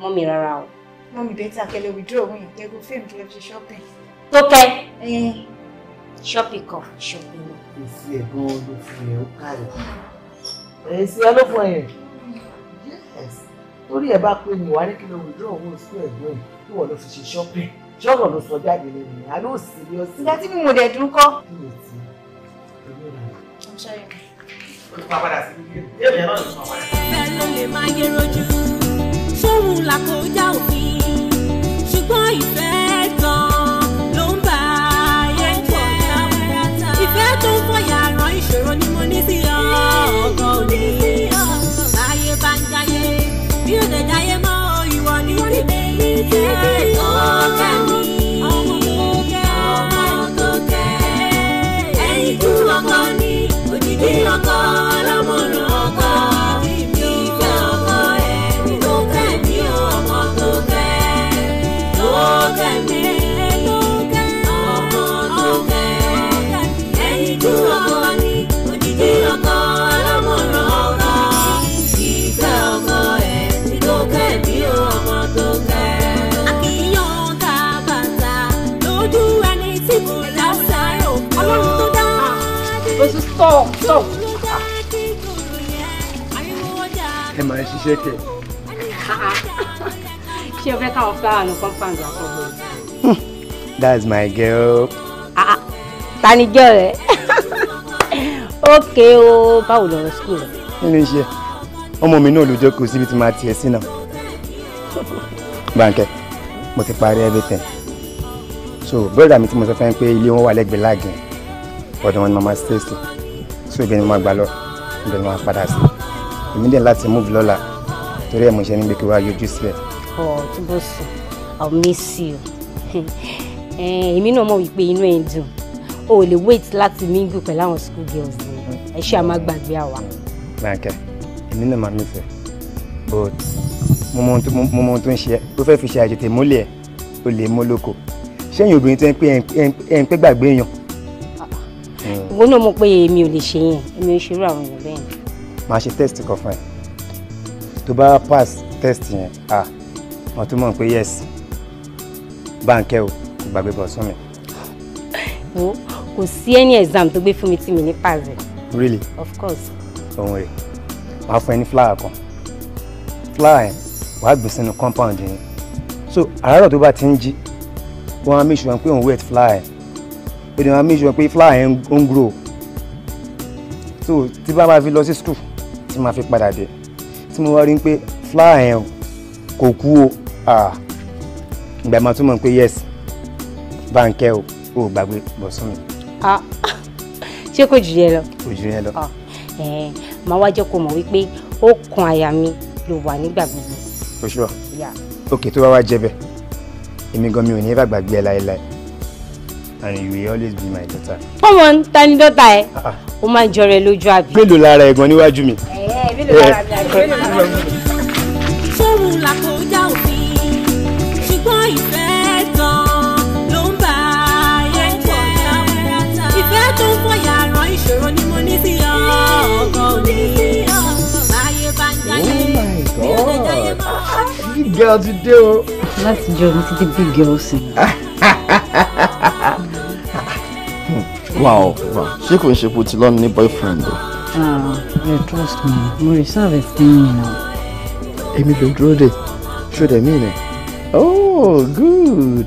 mọ mi rárá o. mọ mi bẹ́ẹ̀ tí akẹ́lẹ́ withdraw mi ìtẹ́gùn fíìmù kí lè fi shopping. tó kẹ́ shopping kan shopping náà. kò sí ẹ̀gbọ́n ló fi ẹ̀ ó kárẹ̀ èsì ẹ ló fún ẹ yẹn torí ẹ bá pé mi wà ní kí ló ń dúró owó sí ẹ̀gbọ́n ẹ kí wọn lọ fi ṣe shopping ṣọ́ọ̀rọ̀ ló sọ jáde lẹ́nu ẹ̀ àló sì ni ó sí. ìgbà tí mi mò dẹ̀ dún kọ́. kí ló ti èmi rà bẹ́ẹ̀ ló lè máa yẹ rojú fóun làkọjá òfin ṣùgbọ́n ìfẹ́ tán. sí ọkọ òní. Báyé bá ń jayé, bí ó lè jayé mọ́ ìwọ ní tèmi. Ọ̀kẹ́ mi. ẹ máa ń ṣiṣẹ́ kẹ. ṣé o fẹ́ káwọn fúláwà ní compound àkọ́gbọ́? that's my girl. Ah, ah. ta ni jẹ́ rẹ̀? ókè o báwo lọ̀rọ̀ school rẹ̀? kí ni ṣe ọmọ mi náà ló jẹ́ kó síbi tí máa tiẹ̀ sí náà. Bánkẹ́ mo ti parí everything so brother mi tí mo sọ fẹ́ pé ilé wọn wà lẹ́gbẹ̀ẹ́ láàgìn ọ̀dọ̀ wọn ni màmá stay sí so ibẹ̀ ni mo máa gbà lọ ibẹ̀ ni mo máa padà sí èmi dẹ̀ láti move lọ́la torí ẹ̀ mo ṣe ní gbé kí wàá yọjú sílẹ̀. ọ túbọ̀ sùn i'll miss you èmi náà mọ̀ wípé inú ẹ̀ ń dùn o ò lè wait láti mingle pẹ̀lú àwọn school girls ni ẹ ṣe àmà gbàgbé àwa. Láǹkẹ́ èmi náà máa mí fẹ́ but mo mọ ohun tó ń ṣe ó fẹ́ fi ṣe àjètè mólè ẹ̀ ó lè mólókò ṣẹ́yìn obìnrin tó ń pẹ́ gbàgbé èèyàn wọn náà mọ̀ pé èmi ò lè ṣe yẹn èmi ò ṣerú àwọn èèyàn bẹ́ẹ̀ ni. màá ṣe test kan fún ẹ tó bá pass test yẹn ah wọn tún mọ̀ pé yes báńkẹ́ o gbàgbé bọ̀ sún mi. wo kò sí any exam tó gbé fún mi tí mi ní pass ẹ. really of course. ohun rẹ̀ màá fún ẹ ní flower kan flower yẹn wàá gbìn sínú compound yẹn so àràárọ̀ tó bá ti ń jí wọ́n á make sure pé òun wet flower yẹn o dẹ̀ máa make sure pé flower yẹn ń grow so tí bá máa fi lọ sí school tí máa fi padà dé tí mo wá rí pé flower kò kú o ah, ìgbà máa tún mọ̀ pé yes báńkẹ́ o ò gbàgbé bọ̀ sún mi. Ah, ṣé kò jù yẹn lọ. kò jù yẹn lọ. Ah, màá wá jẹ́ kó mọ̀ wípé ó kan àyà mi ló wà nígbà gbogbo. for sure. ok tó bá wá jẹ bẹ́ẹ̀ èmi gan mi ò ní bá gbàgbé ẹ láéláé and you will always be my daughter. Come on, ta ni daughter ẹ. Eh? O ah, ah. máa ń jọrẹ lójú àbí. Mélòó lára ẹ̀gbọ́n níwájú mi? Ẹ̀ẹ́ eh, mélòó lára mi àbí oh Big ah, girl ti dé o. Láti jọ big girl sí. Wow! ó ṣé kò ń ṣe kó ti boyfriend o. ah you trust me mo reserve fún yín o. èmi ló dúró dè ṣó dẹ̀ mí ni oh good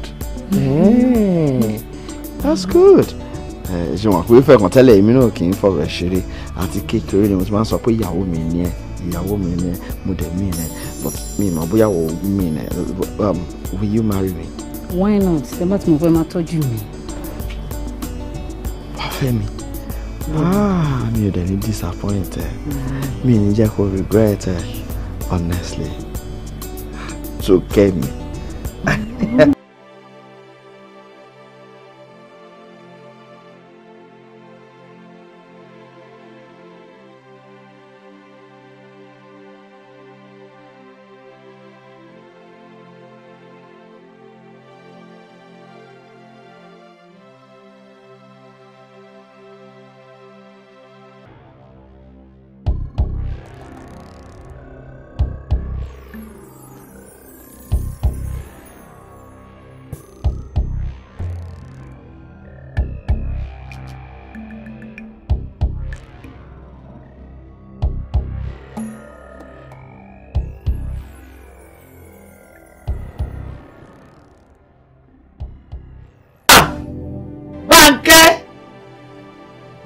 mm -hmm. hey, that's good ṣe wọn pé fẹkàn tẹ́lẹ̀ èmi náà kì í fọ̀rọ̀ ṣeré àti kékeré ni mo ti máa ń sọ pé ìyàwó mi ni ẹ ìyàwó mi ni ẹ mo dẹ̀ mí ni ẹ but mi mọ̀ bóyá wò mí ni ẹ um, will you marry me. why not ṣe bá ti mo fẹ́ máa tọ́jú mi wá fẹ́ mi ah, mi ò Then ní disappoint ẹ mi ò ní regret ẹ honestly So kẹ́ me.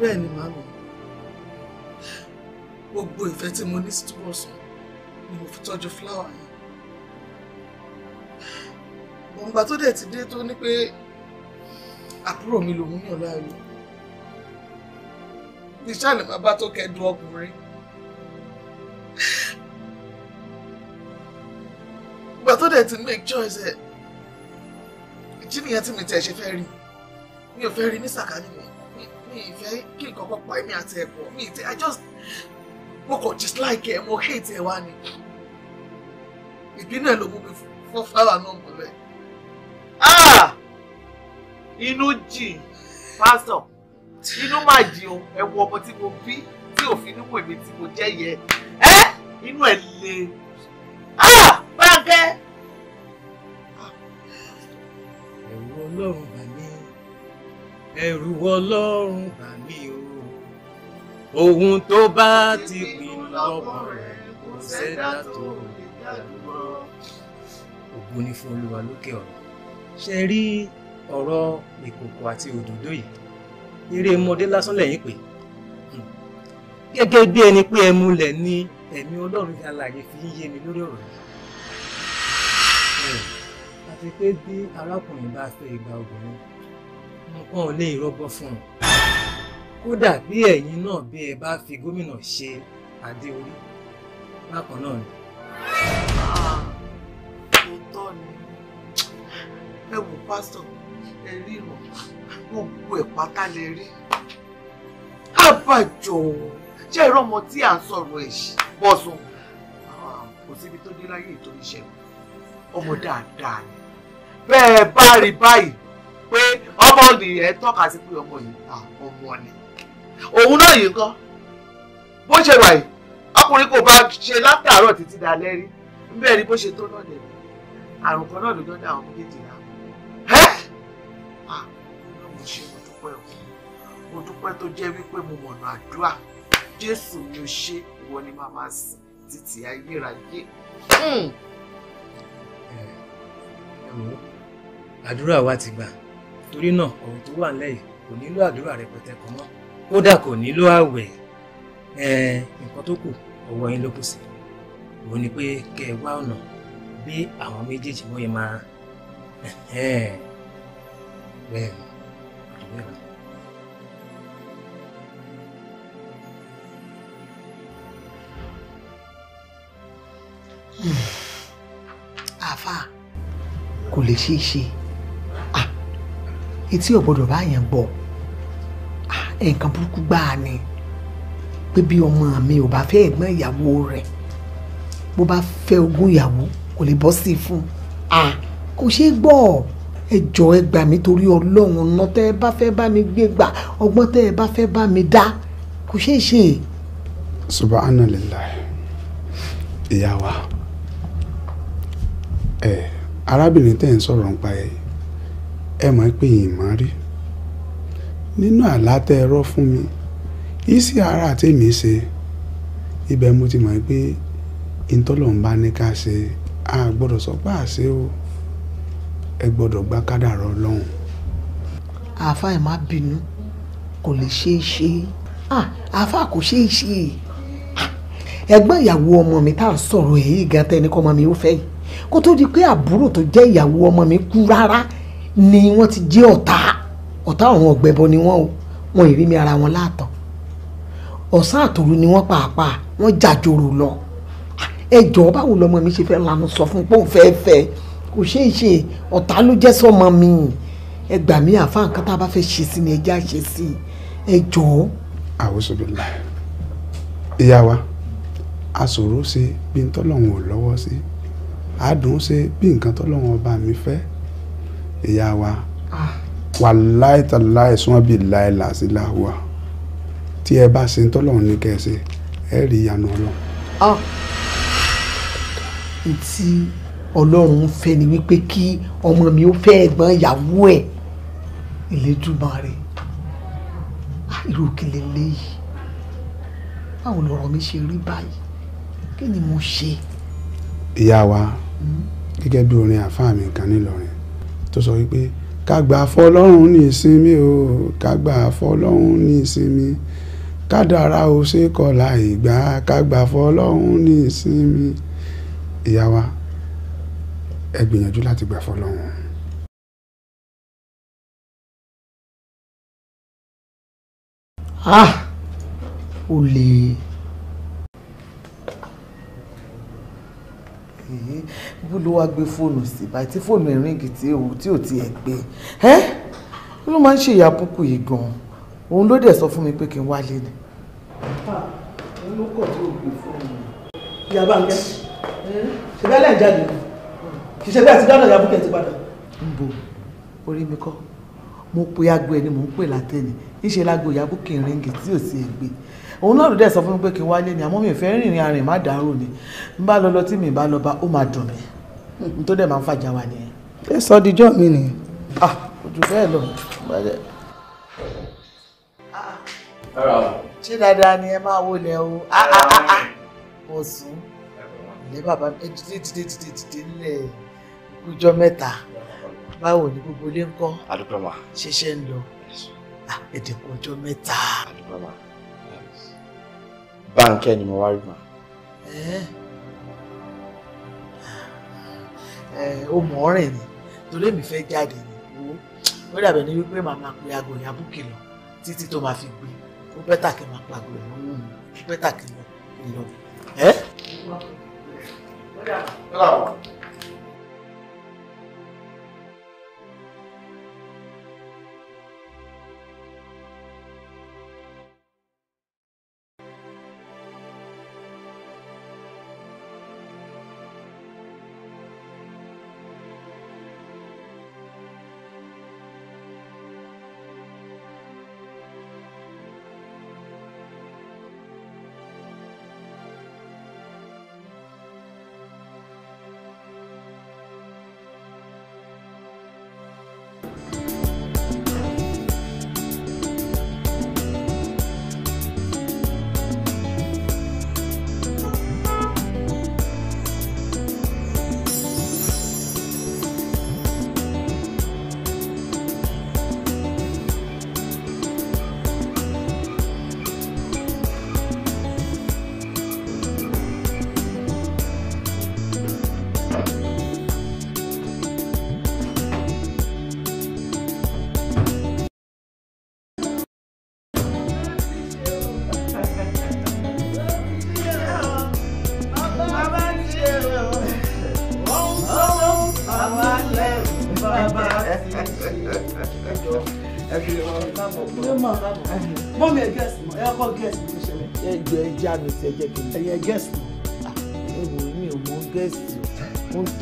bẹ́ẹ̀ ni màmí gbogbo ìfẹ́ tí mo ní sí Túbọ̀sún ni mo fi tọ́jú fúláwà yìí bọ̀ǹgbà tó dẹ̀ ti dé tó ní pé àbúrò mi lòun yàn láàyò níṣàlẹ̀ máa bá tó kẹ́dùn ọkùnrin ìgbà tó dẹ̀ ti make choice ẹ̀ ìjíniyan tí mi tẹ̀ ṣe fẹ́ rí mi ò fẹ́ rí ní sàkání mi mi ìfẹ́ kí nǹkan kan pa èmi àti ẹ̀pọ̀ mi ìfẹ́ i just mo kàn dislike ẹ mo hate ẹ wá ni ìbínú ẹ ló mú mi fún fáwọn náà mọ́lẹ̀. Ah! inú jì pásítọ̀ inú má jì o ẹ wo ọmọ tí mo bí tí òfin níwò èmi tí mo jẹ́ yẹ ẹ́ inú ẹ̀ le. báńkẹ́. Ah! ẹ̀rù ọlọ́run gbà mí o ohun tó bá ti pín lọ́kàn rẹ̀ kò sẹ́dá tó lè dádúró. ni fún olúwa lókè ọ̀run ṣe rí ọ̀rọ̀ ìkòkò àti òdòdó yìí eré ọmọdé lásán lẹ́yìn pé hmm. gẹ́gẹ́ bí ẹni pé ẹ múlẹ̀ ní ẹ̀mí ọlọ́run fi alàyè fi ń yé mi lórí ọ̀rọ̀ yìí hmm. àti pé bí arákùnrin bá fẹ́ ìgbà obìnrin wọn ò lè rọgbọ fún un kódà bí ẹ̀yin náà bí ẹ bá fi gómìnà ṣe adé orí bákan náà ni. òótọ́ ni ẹ wò pásítọ̀ ẹ rí ìrọ̀ gbogbo ẹ̀ pátá lè rí àbájọ ṣé irọ́ ọmọ tí à ń sọ̀rọ̀ ẹ̀ bọ́sùn ah, kò síbi tó dé láyé ìtòríṣẹ́ ọmọ dáadáa ni bẹ́ẹ̀ bá rí báyìí pé ọmọ olè ẹ tọ́ka sí pé ọmọ yìí ta ọmọ ni òun náà yìí nǹkan bó ṣe wà yìí ọkùnrin kò bá ṣe látàárọ̀ títí dalẹ́ rí bẹ́ẹ̀ ni bó ṣe tó náà dẹ̀ àrùn kan náà ló dán dá àwọn méjèèjì rà ẹ́ ọlọ́run ṣe mo dúpẹ́ o mo dúpẹ́ tó jẹ́ wípé mo mọ̀nà àdúrà jésù ni o ṣe ìwọ ni màá máa sìn títí ayérayé. Hmm. àdúrà wa ti gbà torí náà ọ̀rọ̀ tó wà nílẹ̀ yìí kò nílò àdúrà rẹpẹtẹ kan mọ́ kódà kò nílò ààwẹ̀ nǹkan tó kù ọwọ́ yín ló kù sí òun ni pé kẹ́ ẹ wá ọ̀nà bí àwọn méjèèjì wọ́n yẹn máa bẹ́ẹ̀ ni àfa kò lè ṣeé ṣe etí ò gbọdọ̀ báyẹn gbọ́ nǹkan burúkú gbáà ni pé bí ọmọ mi ò bá fẹ́ ẹ̀gbọ́n ìyàwó rẹ̀ bó bá fẹ́ ogún ìyàwó kò lè bọ́ sí i fún un kò ṣeé gbọ́ ẹ jọ ẹ gbà mí torí ọlọ́run ọ̀nà tẹ́ ẹ bá fẹ́ bá mi gbé gbà ọgbọ́n tẹ́ ẹ bá fẹ́ bá mi dá kò ṣeé ṣe. subhanallah ìyá wa ẹ arábìnrin tẹ́ ń sọ̀rọ̀ nípa ẹ̀ yìí ẹ mọ̀ pé ìmọ̀ rí nínú àlá tẹ ẹ rọ́ fún mi ìsì ara tèmi ṣe ibẹ̀ mo ti mọ̀ pé ìtọ́lọ́mbá ní ká ṣe a gbọ́dọ̀ sọ pé àṣẹ o ẹ gbọ́dọ̀ gbá kádàrá ọlọ́run. àáfàá ẹ̀ má bínú kò lè ṣeé ṣe àáfàá kò ṣeé ṣe ẹgbẹ́ ìyàwó ọmọ mi tá à ń sọ̀rọ̀ èyí gan tẹ́ni kọ́ ọmọ mi ó fẹ́ yìí kó tó di pé àbúrò tó jẹ́ ìyàwó ọmọ mi kú rárá ni wọ́n ti jẹ́ ọ̀tá ọ̀tá àwọn ọ̀gbẹ̀bọ ni wọ́n o wọn ì rí mi ara wọn láàtọ̀ ọ̀sán àtòru ni wọ́n pàápàá wọ́n jàjòrò lọ ẹ jọ̀ọ́ báwo lọmọ mi ṣe fẹ́ lanu sọ fún pé òun fẹ́ fẹ́ kò ṣeé ṣe ọ̀tá ló jẹ́ sọ́mọ mi ẹ gbà àfa nǹkan tá a bá fẹ́ ṣe sí ni ẹ já ṣe sí ẹ jọ̀ọ́. àwòsàn bí láì ìyá wa àṣòro ṣe bí ntọ́lọ́hún ò lọ́wọ́ sí àdùn ṣe bí nǹkan tọ́lọ́hún ọba mi fẹ́ ìyá wa wàláì tàláì sọ́nbì láì làásì láhùwà tí ẹ bá ṣe ń tọ́lọ́run ní kẹ́sẹ̀ ẹ rí ìyanu ọlọ́run. ntí ah. ọlọ́run fẹ́ ni wípé kí ọmọ mi ó fẹ́ ẹ̀gbọ́n ìyàwó ẹ̀ ìlẹ́jùmọ̀ rẹ̀ ah, irú kí leléyìí báwo lọ̀rọ̀ mi ṣe rí báyìí kí ni mo ṣe. ìyá wa hmm? gẹ́gẹ́ bí orin àfáà mi kan nílọrin tó sọ wípé kágbà fọlọ́run ní ìsinmi o kágbà fọlọ́run ní ìsinmi kádàrá o ṣe kọlà ìgbà kágbà fọlọ́run ní ìsinmi ìyá wa ẹ gbìyànjú láti gbà fọlọ́run. ah ó le. bó ló wá gbé fóònù sí báyìí tí fóònù ẹ̀ ríngì tí ò tiẹ̀ gbé ẹ́ ló máa ń ṣe ìyá púpù yìí gan-an òun ló dẹ̀ sọ fún mi pé kí n wálé ni. òun ló kọ̀ tó gbé fóònù. ìyá báńkẹ́ ṣẹbẹ́ alẹ́ ìjáde ṣiṣẹ́ bí àti dáná ìyá búkẹ́ ti padà. ń bo orí mi kọ́ mo pe aago ẹ̀ ni mò ń pè látẹ̀ ni níṣẹ́ láago ìyá búkẹ́ ríngì tí ò sí ẹ̀ gbé òun náà ló dẹ̀ sọ fún mi pé kí n wálé ni àmọ́ mi fẹ́ rìnrìn arìn má dàrú ni n bá lọ lọ tí mi bá lọ bá ó máa dùn mí n tó dẹ̀ máa ń fàjà wà nìyẹn. ẹ sọ díjọ́ mi ni. ah ojú bẹ́ẹ̀ lọ. Ah, ṣé dáadáa ni ẹ máa wo lẹ o mo ah, ah, sùn ilé bàbá mi dídí dídí nílẹ̀ ọjọ́ mẹ́ta báwo ni gbogbo ilé ń kọ́. àdúgbò ma. ṣiṣẹ́ ń lọ èdè kọjọ́ mẹ́ta báńkẹ́ ni mo wá rí mà. ó mọ̀ ọ́ rìn ni torí èmi fẹ́ jáde ni owó ó dàbẹ̀ ní wípé màá máa pe aago ìyá búkì lọ títí tó máa fi gbé ó bẹ́tà kí n máa pa aago ìyá mú mi ó bẹ́tà kí n lọ. ó dàbọ̀.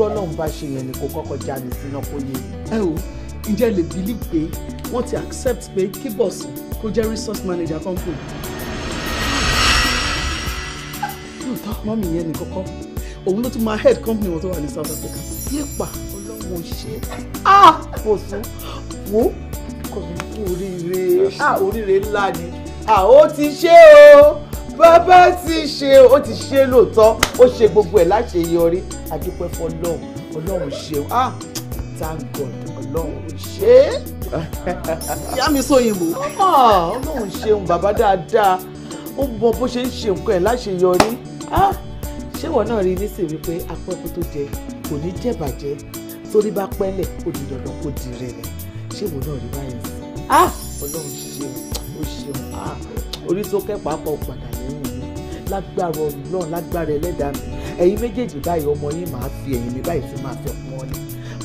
tọ́lọ́run bá ṣe yẹn ni kò kọ́kọ́ já mi síná kó yé ẹ o ǹjẹ́ lè believe pé wọ́n ti accept pé kí bọ́ọ̀sì kó jẹ́ resource manager company. lóòótọ́ mọ́mì yẹn ni kọ́kọ́ òun ló tún máa head company wọn tó wà ní South Africa yépa ọlọ́run ṣe kò sún wo kò ní kú oríire oríire ńlá ni a ó ti ṣe o bàbá ti ṣe ó ti ṣe lóòótọ́ ó ṣe gbogbo ẹ̀ láṣeyọrí àdúpẹ́ fọlọ́run ọlọ́run ṣeun ah thank god ọlọ́run ṣe é. ìyá mi sóyìnbó. Ah, ọlọ́run ṣeun bàbá dáadáa ó mọ bó ṣe ń ṣe nǹkan ẹ̀ láṣeyọrí ah ṣé ìwọ náà rí nísìnyí pé apẹ́kú tó jẹ kò ní jẹ́ bàjẹ́ torí bá pẹ́lẹ̀ ó di dandan kó di rẹ̀ ṣé náà rí báyìí ah ọlọ́run ṣeun ó ṣeun ah orí tó kẹ́ pàápàá padà lẹ́yìn mi lágbára ọlọ́run lágbára ẹlẹ́dàá mi ẹ̀yin méjèèjì báyìí ọmọ yín máa fi ẹ̀yìn mi báyìí tún máa fi ọ̀pọ̀ ọ́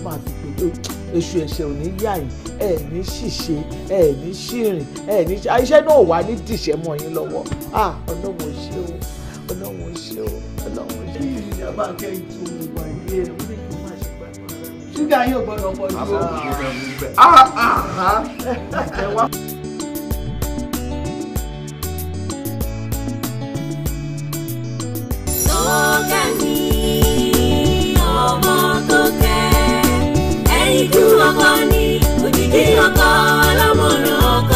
máa fi pé èṣù ẹ̀ṣẹ̀ ò ní yà yín ẹ̀ ní ṣìṣe ẹ̀ ní ṣìrìn ẹ̀ ní ṣe iṣẹ́ náà wà ní dìṣẹ́ mọ́ yín lọ́wọ́ ah ọlọ́run ṣé o ọlọ́run ṣé o ọlọ́run ṣé o. ìyá bá kẹ́ ìtú ìwà ilé rẹ̀ wọ́n ní kí n máa ṣe pẹ̀lú rẹ̀. ṣúgà yóò gbọ́dọ̀ pọ̀ jù. àbọ̀ ìdú ọkọ ni òjijì ọkọ ọlọ́mọ̀ràn ọkọ.